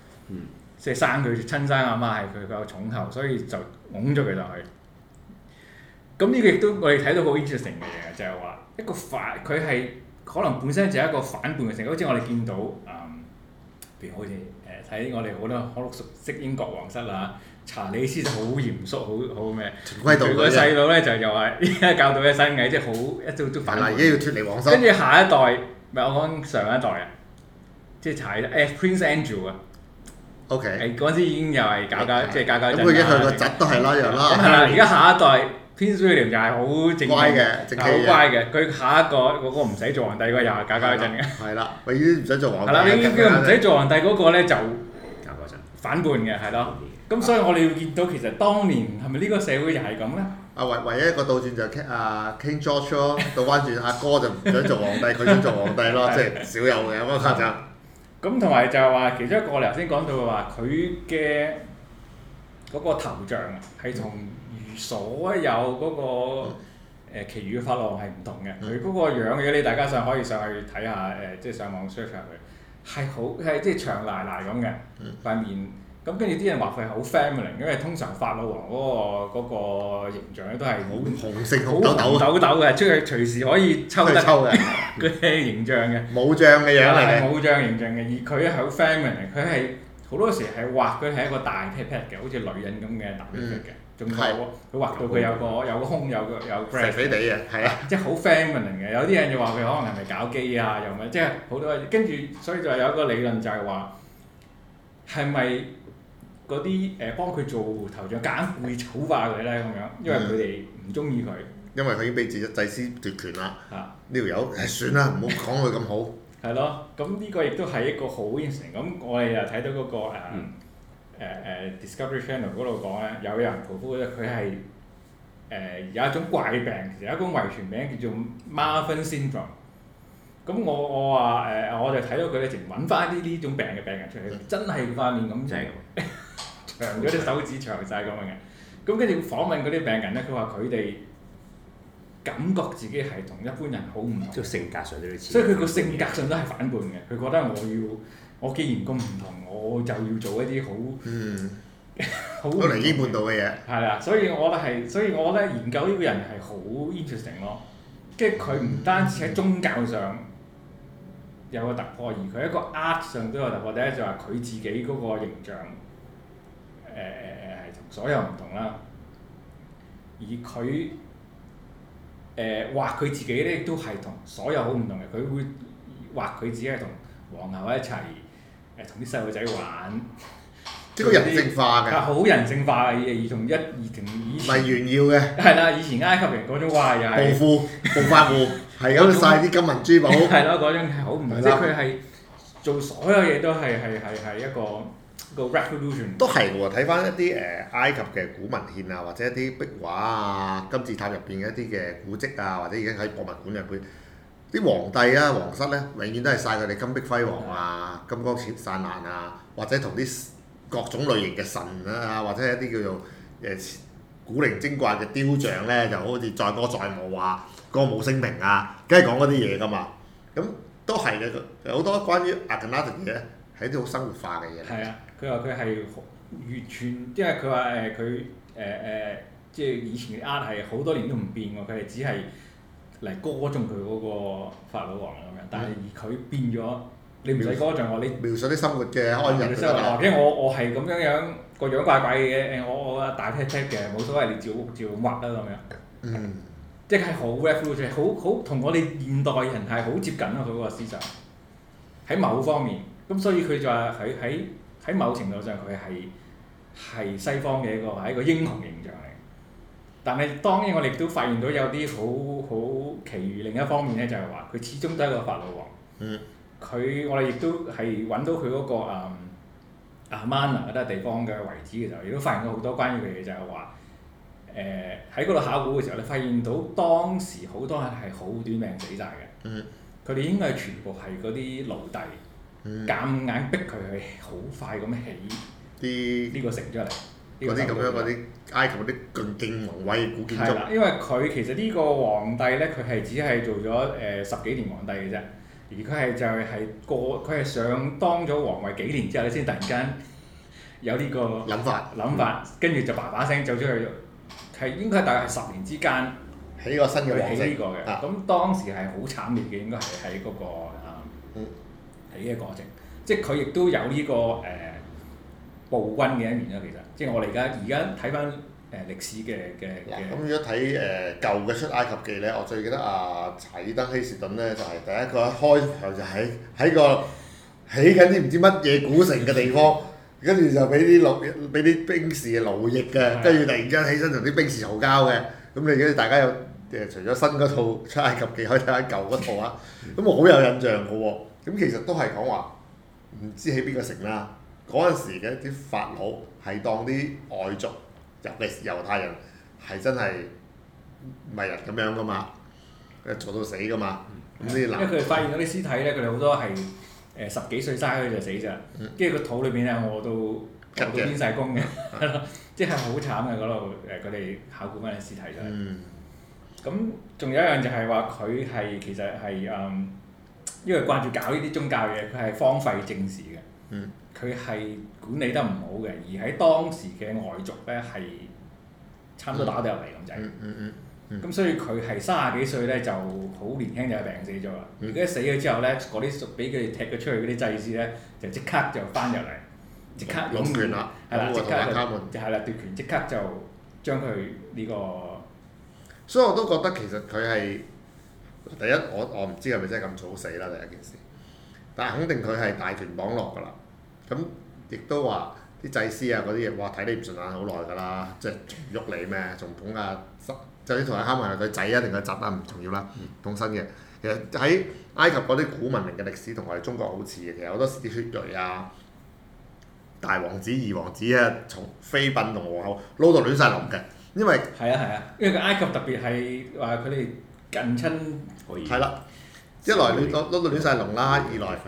即係、嗯、生佢親生阿媽係佢個寵后，所以就擁咗佢落去。咁呢個亦都我哋睇到個 interesting 嘅嘢，就係、是、話一個反佢係可能本身就係一個反叛嘅性格，即係我哋見到誒，譬、嗯、如好似。睇我哋好多可熟悉英國皇室啦、啊、查理斯就好嚴肅，好好咩？佢個細路咧就又係依家教到咩新藝，即係好一做做反叛。而家要脫離皇室。跟住下一代，唔係我講上一代啊，即係查理誒、哎、Prince Andrew 啊，OK，嗰陣、欸、時已經又係搞搞即係搞搞。咁佢依家佢個侄都係啦，又在啦。咁係啦，而家、嗯、下一代。天書嗰條就係好正嘅，好乖嘅。佢下一個嗰個唔使做皇帝，嗰個又係搞搞震嘅。係啦，永遠唔使做皇帝。係啦，永遠唔使做皇帝嗰個咧就搞搞震。反叛嘅係咯，咁所以我哋要見到其實當年係咪呢個社會就係咁咧？啊唯唯一一個倒轉就係啊 King George 咯，倒翻轉阿哥就唔想做皇帝，佢想做皇帝咯，即係少有嘅咁同埋就係話其中一個，頭先講到話佢嘅嗰個頭像係同。所有嗰個誒其餘法老王係唔同嘅，佢嗰、嗯、個樣如果你大家上可以上去睇下誒，嗯、即係上網 search 下佢係好係即係長奶奶咁嘅塊面，咁跟住啲人話佢係好 feminine 因為通常法老王嗰、嗰個嗰個形象咧都係好紅色好，豆豆，紅豆豆嘅出去隨時可以抽得抽嘅嗰啲形象嘅冇脹嘅樣係冇脹形象嘅，而佢好，feminine，佢係好多時係畫佢係一個大 pat pat 嘅，好似女人咁嘅大 pat pat 嘅。嗯仲有喎，佢畫，的畫到佢有個有，有個胸有個有 breast 肥肥地嘅，係啊，即係好 feminine 嘅。有啲人就話佢可能係咪搞基啊？又咪即係好多。跟住所以就有一個理論就係話係咪嗰啲誒幫佢做頭像夾硬醜化佢咧咁樣？因為佢哋唔中意佢。因為佢已經被自己祭司奪權啦。嚇、啊！呢條友算啦，唔好講佢咁好。係咯， 咁呢個亦都係一個好嘅事，咁我哋又睇到嗰、那個誒誒、uh, Discovery Channel 嗰度講咧，有，有人剖腹咧，佢係誒有一種怪病，其實有一種遺傳名叫做 Marfan Syndrome。咁我我話、啊、誒，我就睇到佢咧，淨揾翻啲呢種病嘅病人出嚟，真係塊面咁長咗隻手指長晒咁嘅。咁跟住訪問嗰啲病人咧，佢話佢哋感覺自己係同一般人好唔同。即性格上啲。所以佢個性格上都係反叛嘅，佢覺得我要。我既然咁唔同，我就要做一啲好，好離經叛道嘅嘢。係啦， 所以我覺得係，所以我覺得研究呢個人係好 interesting 咯。即係佢唔單止喺宗教上有個突破，而佢一個 art 上都有個突破。第一就話佢自己嗰個形象，誒誒誒係同所有唔同啦。而佢誒、呃、畫佢自己咧，都係同所有好唔同嘅。佢會畫佢自己同皇后一齊，同啲細路仔玩，啲好人性化嘅，好、啊、人性化嘅，而從一，二定以前唔係炫耀嘅，係啦，以前埃及人嗰種話又係暴富，暴發戶，係咁晒啲金銀珠寶，係咯做，嗰、啊、種係好唔即佢係做所有嘢都係係係係一個一個 revolution 都。都係喎，睇翻一啲誒埃及嘅古文獻啊，或者一啲壁畫啊、金字塔入邊嘅一啲嘅古跡啊，或者已經喺博物館入邊。啲皇帝啊、皇室咧，永遠都係晒佢哋金碧輝煌啊、金光燦爛啊，或者同啲各種類型嘅神啊，或者一啲叫做誒古靈精怪嘅雕像咧，就好似載歌載舞啊、歌舞升平啊，梗係講嗰啲嘢噶嘛。咁都係嘅，好多關於阿肯拿頓嘅係一啲好生活化嘅嘢。係啊，佢話佢係完全，即係佢話誒佢誒誒，即、呃、係、呃就是、以前嘅 art 係好多年都唔變喎，佢哋只係。嚟歌頌佢嗰個法老王咁樣，但係而佢變咗，你唔使歌頌我，你描述啲生活嘅安逸生活啦。因為我我係咁樣樣個樣怪怪嘅，誒我我啊大踢踢嘅，冇所謂你照照畫啦咁樣，嗯，即係好 reflect，好好同我哋現代人係好接近咯、啊。佢個思想喺某方面，咁所以佢就話喺喺喺某程度上佢係係西方嘅一個係一個英雄形象。但係當然，我哋亦都發現到有啲好好奇異。另一方面咧，就係話佢始終都係個法老王。佢、嗯、我哋亦都係揾到佢嗰、嗰個啊啊曼能嗰啲地方嘅位置嘅時候，亦都發現到好多關於佢嘅嘢，就係話誒喺嗰度考古嘅時候咧，發現到當時好多人係好短命死晒嘅。佢哋、嗯、應該係全部係嗰啲奴隸，夾、嗯、硬、硬逼佢去好快咁起啲呢個城出嚟。嗯嗯嗯嗯嗰啲咁樣嗰啲埃及嗰啲勁勁宏偉嘅古建築。係啦，因為佢其實呢個皇帝咧，佢係只係做咗誒、呃、十幾年皇帝嘅啫，而佢係就係過佢係上當咗皇位幾年之後咧，先突然間有呢、這個諗法，諗、嗯、法，跟住就叭叭聲走出去，係應該大概係十年之間起個新嘅皇室。起個皇啊，咁、嗯、當時係好慘烈嘅，應該係喺嗰個啊起嘅過程，即係佢亦都有呢個誒。暴君嘅一面，咯，其實，即係我哋而家而家睇翻誒歷史嘅嘅。咁如果睇誒、呃、舊嘅出埃及記咧，我最記得阿柴爾登希士頓咧，就係、是、第一個一開場就喺喺個起緊啲唔知乜嘢古城嘅地方，跟住的就俾啲奴俾啲兵士奴役嘅，跟住的突然之間起身同啲兵士嘈交嘅。咁你如果大家有誒除咗新嗰套出埃及記，可以睇下舊嗰套啊。咁我好有印象嘅喎。咁其實都係講話唔知喺邊個城啦。嗰陣時嘅啲法老係當啲外族入嚟，猶太人係真係唔係人咁樣㗎嘛？誒，做到死㗎嘛？咁你因為佢哋發現嗰啲屍體咧，佢哋好多係誒十幾歲生佢就死咗。跟住個肚裏邊咧餓到餓到邊勢公嘅，即係好慘嘅嗰度誒。佢哋考古嗰啲屍體出嚟。咁仲、嗯、有一樣就係話佢係其實係誒，因為掛住搞呢啲宗教嘢，佢係荒廢政事嘅。嗯佢係管理得唔好嘅，而喺當時嘅外族呢，係差唔多打到入嚟咁滯。咁所以佢係三十幾歲呢，就好年輕就病死咗啦。而一死咗之後呢，嗰啲俾佢踢咗出去嗰啲祭司呢，就即刻就翻入嚟，即刻湧完啦。係啦，即刻就係啦，奪權即刻就將佢呢個。所以我都覺得其實佢係第一，我我唔知係咪真係咁早死啦。第一件事，但係肯定佢係大權旁落㗎啦。咁亦都話啲祭司啊嗰啲嘢，哇睇你唔順眼好耐㗎啦，即係喐你咩？仲捧啊，就你同阿哈門係佢仔啊定係侄啊，唔重要啦，啊不不同，嗯、同身嘅。其實喺埃及嗰啲古文明嘅歷史同我哋中國好似嘅，其實好多啲血裔啊、大王子、二王子啊，從妃嬪同皇后撈到亂晒龍嘅，因為係啊係啊，因為埃及特別係話佢哋近親可以，係啦、嗯，了一來撈到亂晒龍啦，二來。二來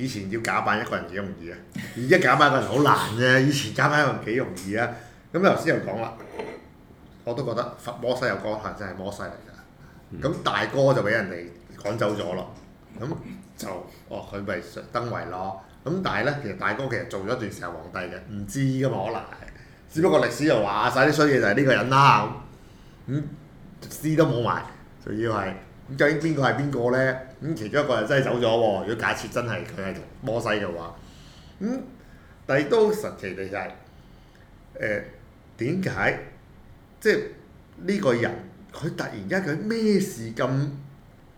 以前要假扮一個人幾容易啊！而家假扮一個人好難啫、啊。以前假扮一個人幾容易啊？咁頭先又講啦，我都覺得摩西有可能真係摩西嚟㗎。咁大哥就俾人哋趕走咗咯。咁就哦，佢咪登位咯。咁但係呢，其實大哥其實做咗一段時候皇帝嘅，唔知㗎嘛，可能只不過歷史又話晒啲衰嘢就係呢個人啦，咁，咁、嗯、詩都冇埋，仲要係。究竟邊個係邊個咧？咁其中一個又真係走咗喎。如果假設真係佢係摩西嘅話，咁但係都神奇地就係誒，點解即係呢個人佢突然間佢咩事咁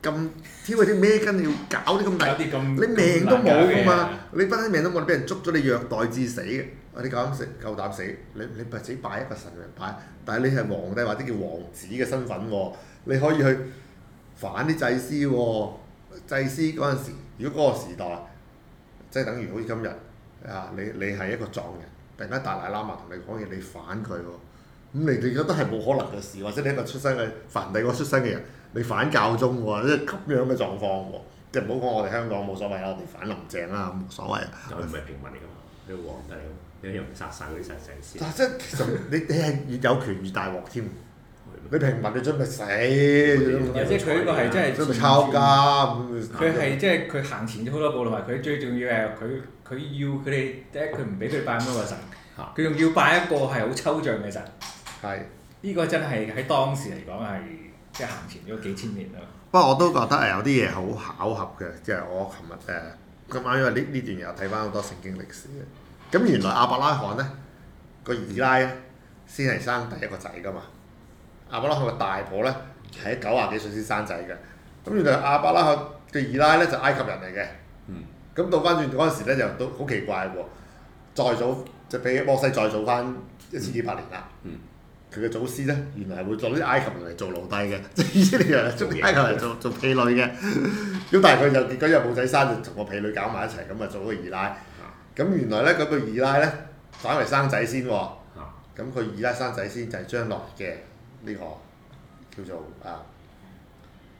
咁挑起啲咩筋，要搞啲咁大，你命都冇㗎嘛！你分身命都冇，俾人捉咗你虐待至死嘅。你夠膽死？夠膽死？你你自己擺一個神明牌，但係你係皇帝或者叫王子嘅身份喎，你可以去。反啲祭司喎、喔，祭司嗰陣時，如果嗰個時代，即係等於好似今日，啊，你你係一個藏人，突然間達賴喇嘛同你講嘢，你反佢喎、喔，咁你你都都係冇可能嘅事，或者你一個出身嘅凡人，我出身嘅人，你反教宗喎、喔，即係咁樣嘅狀況喎、喔，即係唔好講我哋香港冇所謂啊，我哋反林鄭啦、啊，冇所謂。就唔係平民嚟㗎嘛，你係皇帝，一樣殺曬嗰啲祭司。但係即係其實你你係越有權越大鑊添。 佢平民你準備死？即係佢一個係真係抄家咁。佢係即係佢行前咗好多步，同埋佢最重要係佢佢要佢哋即係佢唔俾佢哋拜咁多個神，佢仲要拜一個係好抽象嘅神。係呢是的 個真係喺當時嚟講係即係行前咗幾千年啦的。不過我都覺得係有啲嘢好巧合嘅，即係我琴日誒今晚因為呢呢段又睇翻好多聖經歷史，咁原來亞伯拉罕咧個二奶咧先係生第一個仔㗎嘛。阿伯拉罕嘅大婆咧，喺九啊幾歲先生仔嘅。咁原來阿伯拉罕嘅二奶咧就埃及人嚟嘅。嗯。咁倒翻轉嗰陣時咧，就都好奇怪喎。再早就比摩西再早翻一千幾百年啦。嗯。佢嘅祖師咧，原來係會做啲埃及人嚟做奴隸嘅，即係意思你又係做埃及人做做婢女嘅。咁但係佢又結果又冇仔生，就同個婢女搞埋一齊，咁啊做個二奶。啊。咁原來咧，佢、個二奶咧，反為生仔先喎。啊。咁佢二奶生仔先就係將來嘅。呢、這個叫做啊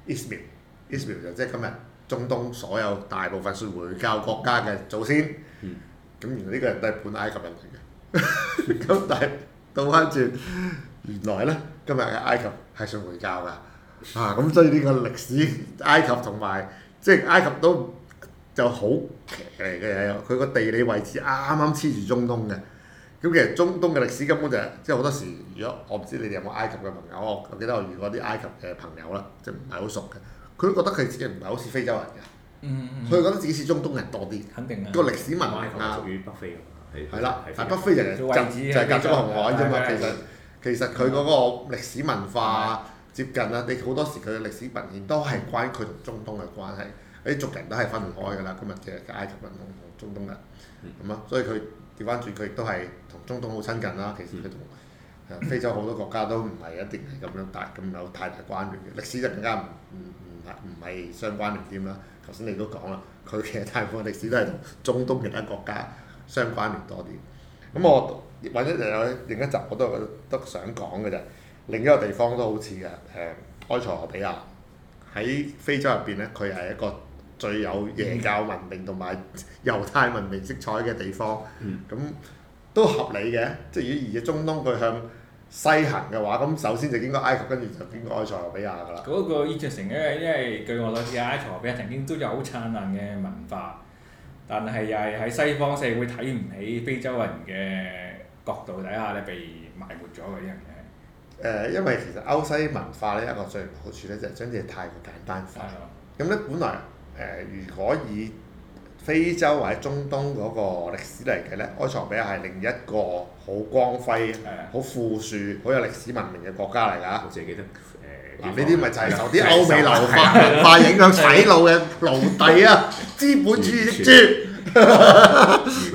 Ismail，Ismail 就即係今日中東所有大部分信回教國家嘅祖先。咁、嗯、原來呢個人都係本埃及人嚟嘅。咁 但係倒翻轉，原來咧今日嘅埃及係信回教㗎。啊咁，所以呢個歷史埃及同埋即係埃及都就好奇嘅，佢個地理位置啱啱黐住中東嘅。咁其實中東嘅歷史根本就係，即係好多時，如果我唔知你哋有冇埃及嘅朋友，我記得我遇過啲埃及嘅朋友啦，即係唔係好熟嘅，佢都覺得佢自己唔係好似非洲人㗎，佢覺得自己似中東人多啲，肯定嘅個歷史文化啊屬於北非㗎嘛，係係啦，係北非人就係隔咗個紅海啫嘛，其實其實佢嗰個歷史文化接近啊，你好多時佢嘅歷史文獻都係關於佢同中東嘅關係，啲族人都係分唔開㗎啦，今日就係埃及人同中東人，咁啊，所以佢。關住佢，亦都係同中東好親近啦，啊。其實佢同非洲好多國家都唔係一定係咁樣大咁 有太大關聯嘅歷史就更加唔唔唔係唔係相關聯添啦。頭先你都講啦，佢其實大部分歷史都係同中東其他國家相關聯多啲。咁我揾一又有另一集，我都覺得想講嘅啫。另一個地方都好似嘅，誒埃塞俄比亞喺非洲入邊呢，佢係一個。最有耶教文明同埋猶太文明色彩嘅地方，咁、嗯、都合理嘅。即係如果而家中東佢向西行嘅話，咁首先就應該埃及，跟住就應該埃塞俄比亞㗎啦。嗰個伊甸城咧，因為據我所知，埃塞俄比亞曾經都有好燦爛嘅文化，但係又係喺西方社會睇唔起非洲人嘅角度底下咧，被埋沒咗嘅啲人嘅。誒、呃，因為其實歐西文化咧一個最唔好處咧，就係將啲嘢太過簡單化。咁咧、嗯，嗯、本來。誒，如果以非洲或者中東嗰個歷史嚟嘅咧，埃塞俄比亞係另一個好光輝、好富庶、好有歷史文明嘅國家嚟㗎。你自己記得嗱，呢啲咪就係受啲歐美流法文化影響洗腦嘅奴隸啊！資本主義的豬，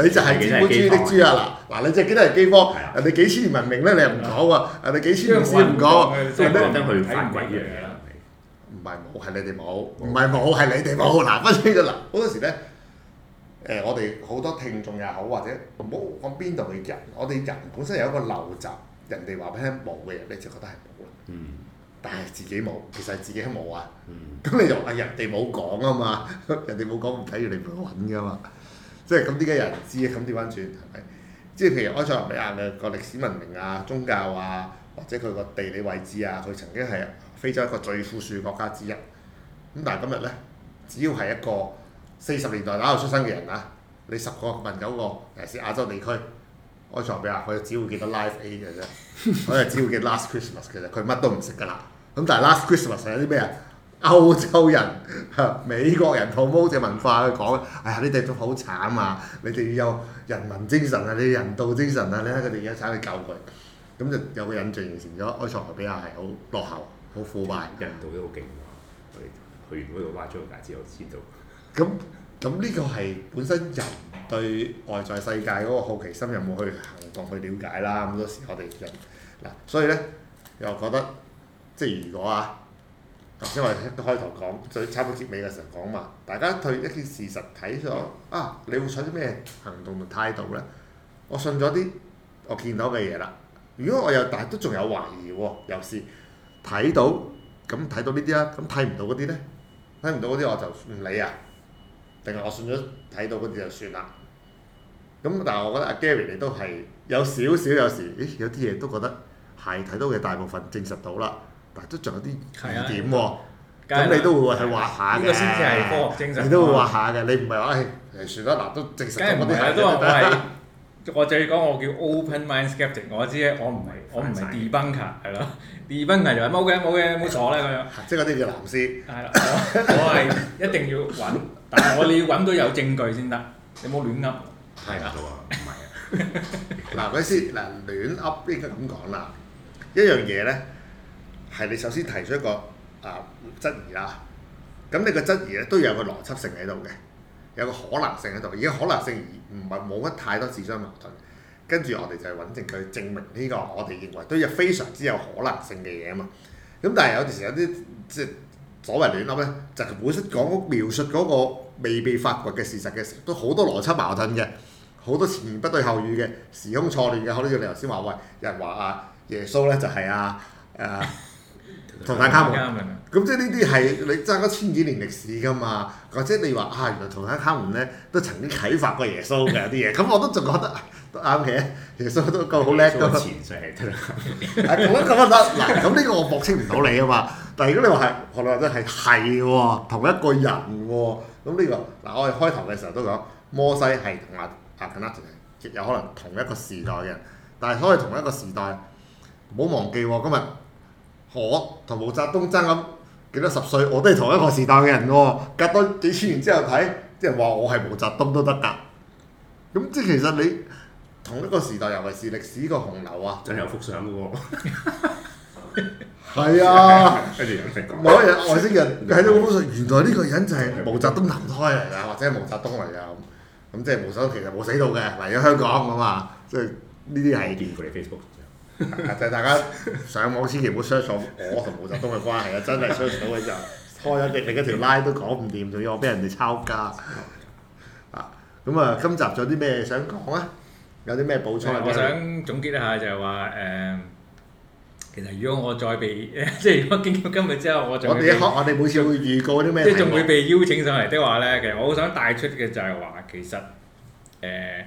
你就係資本主義的豬啊！嗱嗱，你就係幾多係饑荒？人哋幾千年文明咧，你又唔講喎？人哋幾千年歷史唔講，就等佢反鬼樣。唔係冇，係你哋冇。唔係冇，係你哋冇。嗱，分清楚啦。好多時咧，誒、呃，我哋好多聽眾又好，或者唔好講邊度嘅人，我哋人本身有一個陋習，人哋話唔聽冇嘅人，你就覺得係冇啦。嗯。但係自己冇，其實自己都冇啊。嗯。咁你又話、哎、人哋冇講啊嘛，人哋冇講唔睇住你唔會揾嘅嘛。即係咁點解有人知啊？咁調翻轉係咪？即係譬如埃塞俄比亞嘅個歷史文明啊、宗教啊，或者佢個地理位置啊，佢曾經係，非洲一個最富庶國家之一，咁但係今日呢，只要係一個四十年代打後出生嘅人啊，你十個問九個誒，尤其係亞洲地區，埃塞俄比亞，佢只會記得 Live Aid 嘅啫，佢哋 只會記得 Last Christmas 嘅啫。佢乜都唔識㗎啦。咁但係 Last Christmas 係有啲咩啊？歐洲人、美國人 promote 嘅文化去講，哎呀呢啲都好慘啊！你哋要有人民精神啊，你人道精神啊，你睇佢哋而家走去救佢，咁就有個印象形成咗埃塞俄比亞係好落後。好腐敗，印度都好勁喎！我哋去完嗰度挖咗個戒指，我知道。咁咁呢個係本身人對外在世界嗰個好奇心，有冇去行動去了解啦？咁多時我哋人嗱，所以咧又覺得即係如果啊，因為一開頭講最差到結尾嘅時候講嘛，大家對一件事實睇咗啊，你會採啲咩行動同態度咧？我信咗啲我見到嘅嘢啦。如果我有，但係都仲有懷疑喎，又是。睇到咁睇到呢啲啦，咁睇唔到嗰啲呢？睇唔到嗰啲我就唔理啊，定係我信咗睇到嗰啲就算啦。咁但係我覺得阿 Gary 你都係有少少有時，咦、欸、有啲嘢都覺得係睇到嘅大部分證實到啦，但係都仲有啲疑點喎。咁你都會去畫下嘅，呢個先至係科學證實，你都會畫下嘅，你唔係話誒算啦，嗱都證實到咁多嘅。我就要講我叫 open mind sceptic，我知我唔係我唔係 debunker 係咯，debunker 就係冇嘅冇嘅冇錯啦咁樣。即係嗰啲叫藍絲。係啦，我係一定要揾，但係我哋要揾到有證據先得，你冇亂噏。係啦，冇唔係啊。嗱嗰啲先嗱，亂噏應該咁講啦。一樣嘢咧，係你首先提出一個啊質疑啊，咁你個質疑咧都有個邏輯性喺度嘅，有個可能性喺度，而家可能性。唔係冇乜太多自相矛盾，跟住我哋就係搵證佢證明呢個我哋認為都有非常之有可能性嘅嘢啊嘛。咁但係有陣時有啲即係所謂亂噏呢，就係本身講描述嗰個未被發掘嘅事實嘅時候，都好多邏輯矛盾嘅，好多前言不對後語嘅，時空錯亂嘅。好多似你頭先話喂，有人話啊耶穌呢就係啊誒。 淘汰卡門，咁即係呢啲係你爭咗千幾年歷史㗎嘛？或者你話啊，原來淘汰卡門咧都曾經啟發過耶穌嘅啲嘢，咁我都仲覺得都啱嘅。耶穌都夠好叻嘅。咁 啊，咁啊得嗱，咁呢個我駁清唔到你啊嘛。但係如果你話係，學你話齋係係喎，同一個人喎，啊。咁呢、呢個嗱、啊，我哋開頭嘅時候都講摩西係同阿阿肯拿頓亦有可能同一個時代嘅，但係所以同一個時代，唔好忘記今日。我同毛澤東爭咁幾多十歲，我都係同一個時代嘅人喎。隔多幾千年之後睇，即係話我係毛澤東都得㗎。咁即係其實你同一個時代，尤其係歷史個洪流啊。仲有幅相嗰個。係啊，冇乜人外星人喺度講話，原來呢個人就係毛澤東投胎嚟㗎，或者係毛澤東嚟㗎。咁咁即係毛澤東其實冇死到嘅，嚟咗香港咁啊，即係呢啲係。就 大家上網千祈唔好 search 我同毛澤東嘅關係啊！ 真係 search 到嘅就開咗你你嗰條 line 都講唔掂，仲要我俾人哋抄家啊！咁啊，今集仲有啲咩想講啊？有啲咩補充？我想總結一下就，就係話誒，其實如果我再被即係、呃、如果經過今日之後，我我哋我哋每次會預告啲咩？即係仲會被邀請上嚟的話呢，其實我好想帶出嘅就係話其實誒。呃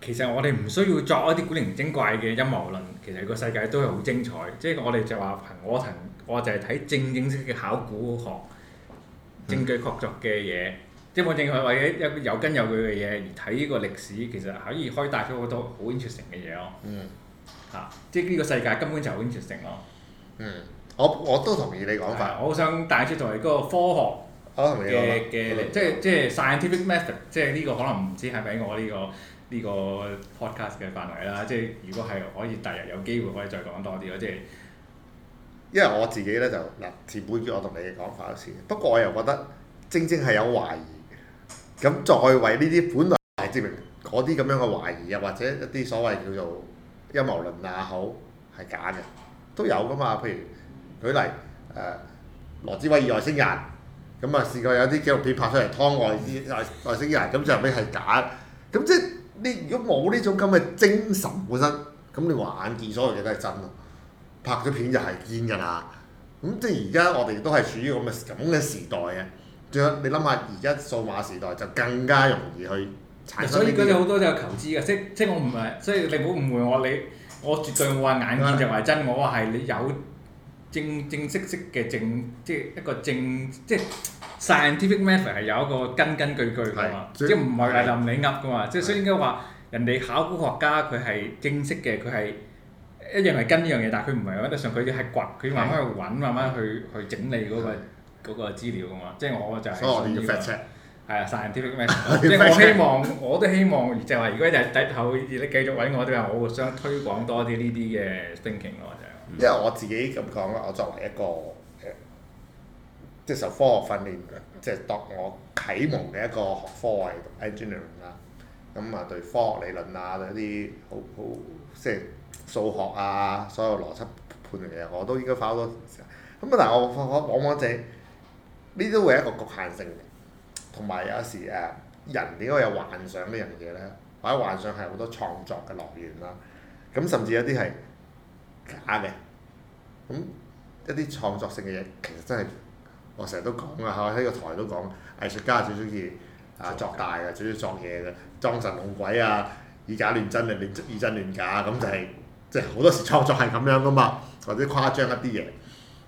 其實我哋唔需要作一啲古靈精怪嘅陰謀論，其實個世界都係好精彩。即係我哋就話憑我憑我就係睇正正式嘅考古學證據確鑿嘅嘢，嗯、即係我正係為咗有根有據嘅嘢而睇呢個歷史，其實可以開帶出好多好 interesting 嘅嘢咯。嗯，啊、即係呢個世界根本就係 interesting 咯。我我都同意你講法。我好想帶出作為嗰個科學嘅嘅，即係即係 scientific method，即係呢個可能唔知係咪我呢、呢個。呢個 podcast 嘅範圍啦，即係如果係可以第日有機會可以再講多啲咯，即係因為我自己呢，就嗱前半段我同你嘅講法好似，不過我又覺得正正係有懷疑，咁再為呢啲本來係證明嗰啲咁樣嘅懷疑，又或者一啲所謂叫做陰謀論啊，好係假嘅都有噶嘛。譬如舉例誒、呃，羅茲威爾外星人，咁啊試過有啲紀錄片拍出嚟，窗外之外外星人，咁最後尾係假，咁即你如果冇呢種咁嘅精神本身，咁你話眼見所有嘢都係真咯，拍咗片就係堅㗎啦。咁即係而家我哋都係處於咁嘅咁嘅時代嘅，仲有你諗下，而家數碼時代就更加容易去產生呢啲。所以佢哋好多都有求知嘅，即即我唔係，所以你唔好誤會我，你我絕對冇話眼見就係真， 我話係你有。正正式式嘅正，即係一個正，即係 scientific method 係有一個根根據據噶嘛，是即係唔係係任你噏噶嘛，是即係所以應該話人哋考古學家佢係正式嘅，佢係一樣係跟呢樣嘢，但係佢唔係話得上，佢要係掘，佢是慢慢去揾，慢慢去去整理嗰、嗰個嗰是個資料噶嘛，即係我就係、這個，所以要發啊、這個嗯、，scientific method， 即係我希望，我都希望就係話，如果就係第後，你繼續揾我，就係我會想推廣多啲呢啲嘅 thinking 咯。因為我自己咁講啦，我作為一個誒、呃，即係受科學訓練，即係當我啟蒙嘅一個學科、mm hmm. engineering, 啊，讀 engineering 啦，咁啊對科學理論啊，對一啲好好即係數學啊，所有邏輯判斷嘅我都應該花好多時間。咁、嗯、但係我往往就係呢都會係一個局限性嘅，同埋有，有時誒、啊、人點解有幻想呢樣嘢呢？或者幻想係好多創作嘅樂園啦、啊，咁甚至有啲係假嘅，咁一啲創作性嘅嘢其實真係，我成日都講啊，喺個台都講，藝術家最中意啊作大啊，最中意作嘢嘅，裝神弄鬼啊，以假亂真啊，以真亂假，咁就係即係好多時創作係咁樣噶嘛，或者誇張一啲嘢。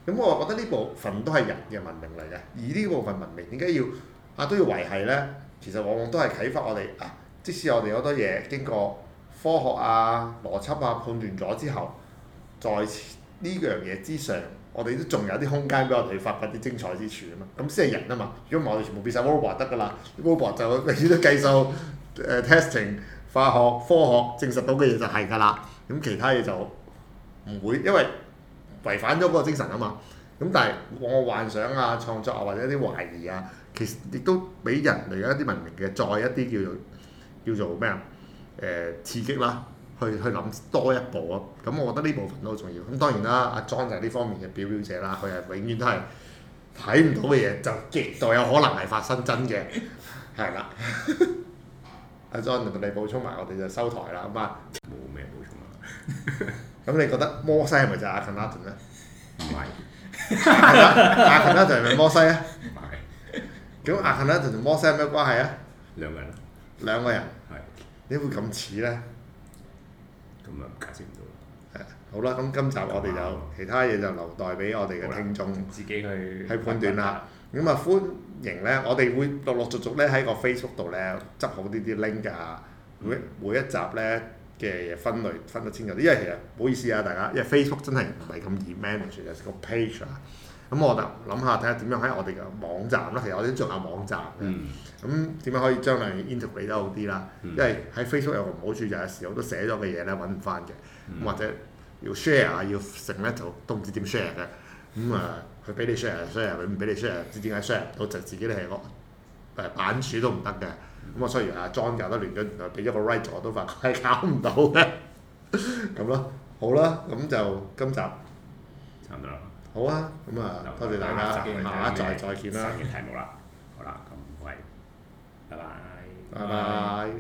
咁我覺得呢部分都係人嘅文明嚟嘅，而呢部分文明點解要啊都要維係呢？其實往往都係啟發我哋啊，即使我哋好多嘢經過科學啊、邏輯啊判斷咗之後。在呢樣嘢之上，我哋都仲有啲空間俾我哋去發掘啲精彩之處啊嘛！咁先係人啊嘛，如果唔係我哋全部變晒 robot 得㗎啦，robot 就永遠都計數、誒 testing、化學、科學證實到嘅嘢就係㗎啦，咁其他嘢就唔會，因為違反咗嗰個精神啊嘛。咁但係我幻想啊、創作啊或者一啲懷疑啊，其實亦都俾人類有一啲文明嘅再一啲叫做叫做咩啊？誒、呃、刺激啦！去去諗多一步啊！咁我覺得呢部分都好重要。咁當然啦，阿 John 就係呢方面嘅表表者啦。佢係永遠都係睇唔到嘅嘢，就極度有可能係發生真嘅，係啦。阿 John，你補充埋我哋就收台啦，咁、嗯、啊。冇咩補充啊。咁 你覺得摩西係咪就係阿肯拿頓咧？唔係不是。 阿肯拿頓係咪摩西咧？唔係是。咁阿肯拿頓同摩西有咩關係啊？兩，人兩個人。兩個人。係。點會咁似呢？咁啊，解釋唔到好啦，咁今集我哋就其他嘢就留待俾我哋嘅聽眾吧自己去係判斷啦。咁啊，歡迎呢，我哋會陸陸續續呢喺個 Facebook 度呢執好呢啲 link 㗎、啊。每、嗯、每一集呢嘅嘢分類分得清楚啲，因為其實唔好意思啊，大家，因為 Facebook 真係唔係咁易 manage，個 page 啊。咁我就諗下睇下點樣喺我哋嘅網站啦，其實我哋做下網站嘅，咁點、嗯、樣可以將嚟 integrate 得好啲啦？嗯、因為喺 Facebook 有個唔好處，就有時候都寫咗嘅嘢咧揾唔翻嘅，咁、嗯、或者要 share 啊，要成咧就都唔知點 sh、嗯、sh share 嘅 sh sh。咁啊，佢俾你 share，share 佢唔俾你 share，唔知點解 share 唔到就自己係個誒版主都唔得嘅。咁啊、嗯，所以啊裝架都亂咗，俾咗個 right 我都發覺係搞唔到嘅，咁 咯，好啦，咁就今集差唔多。好啊，咁、嗯、啊，多謝大家，下一集，下集再見啦。拜拜，拜拜。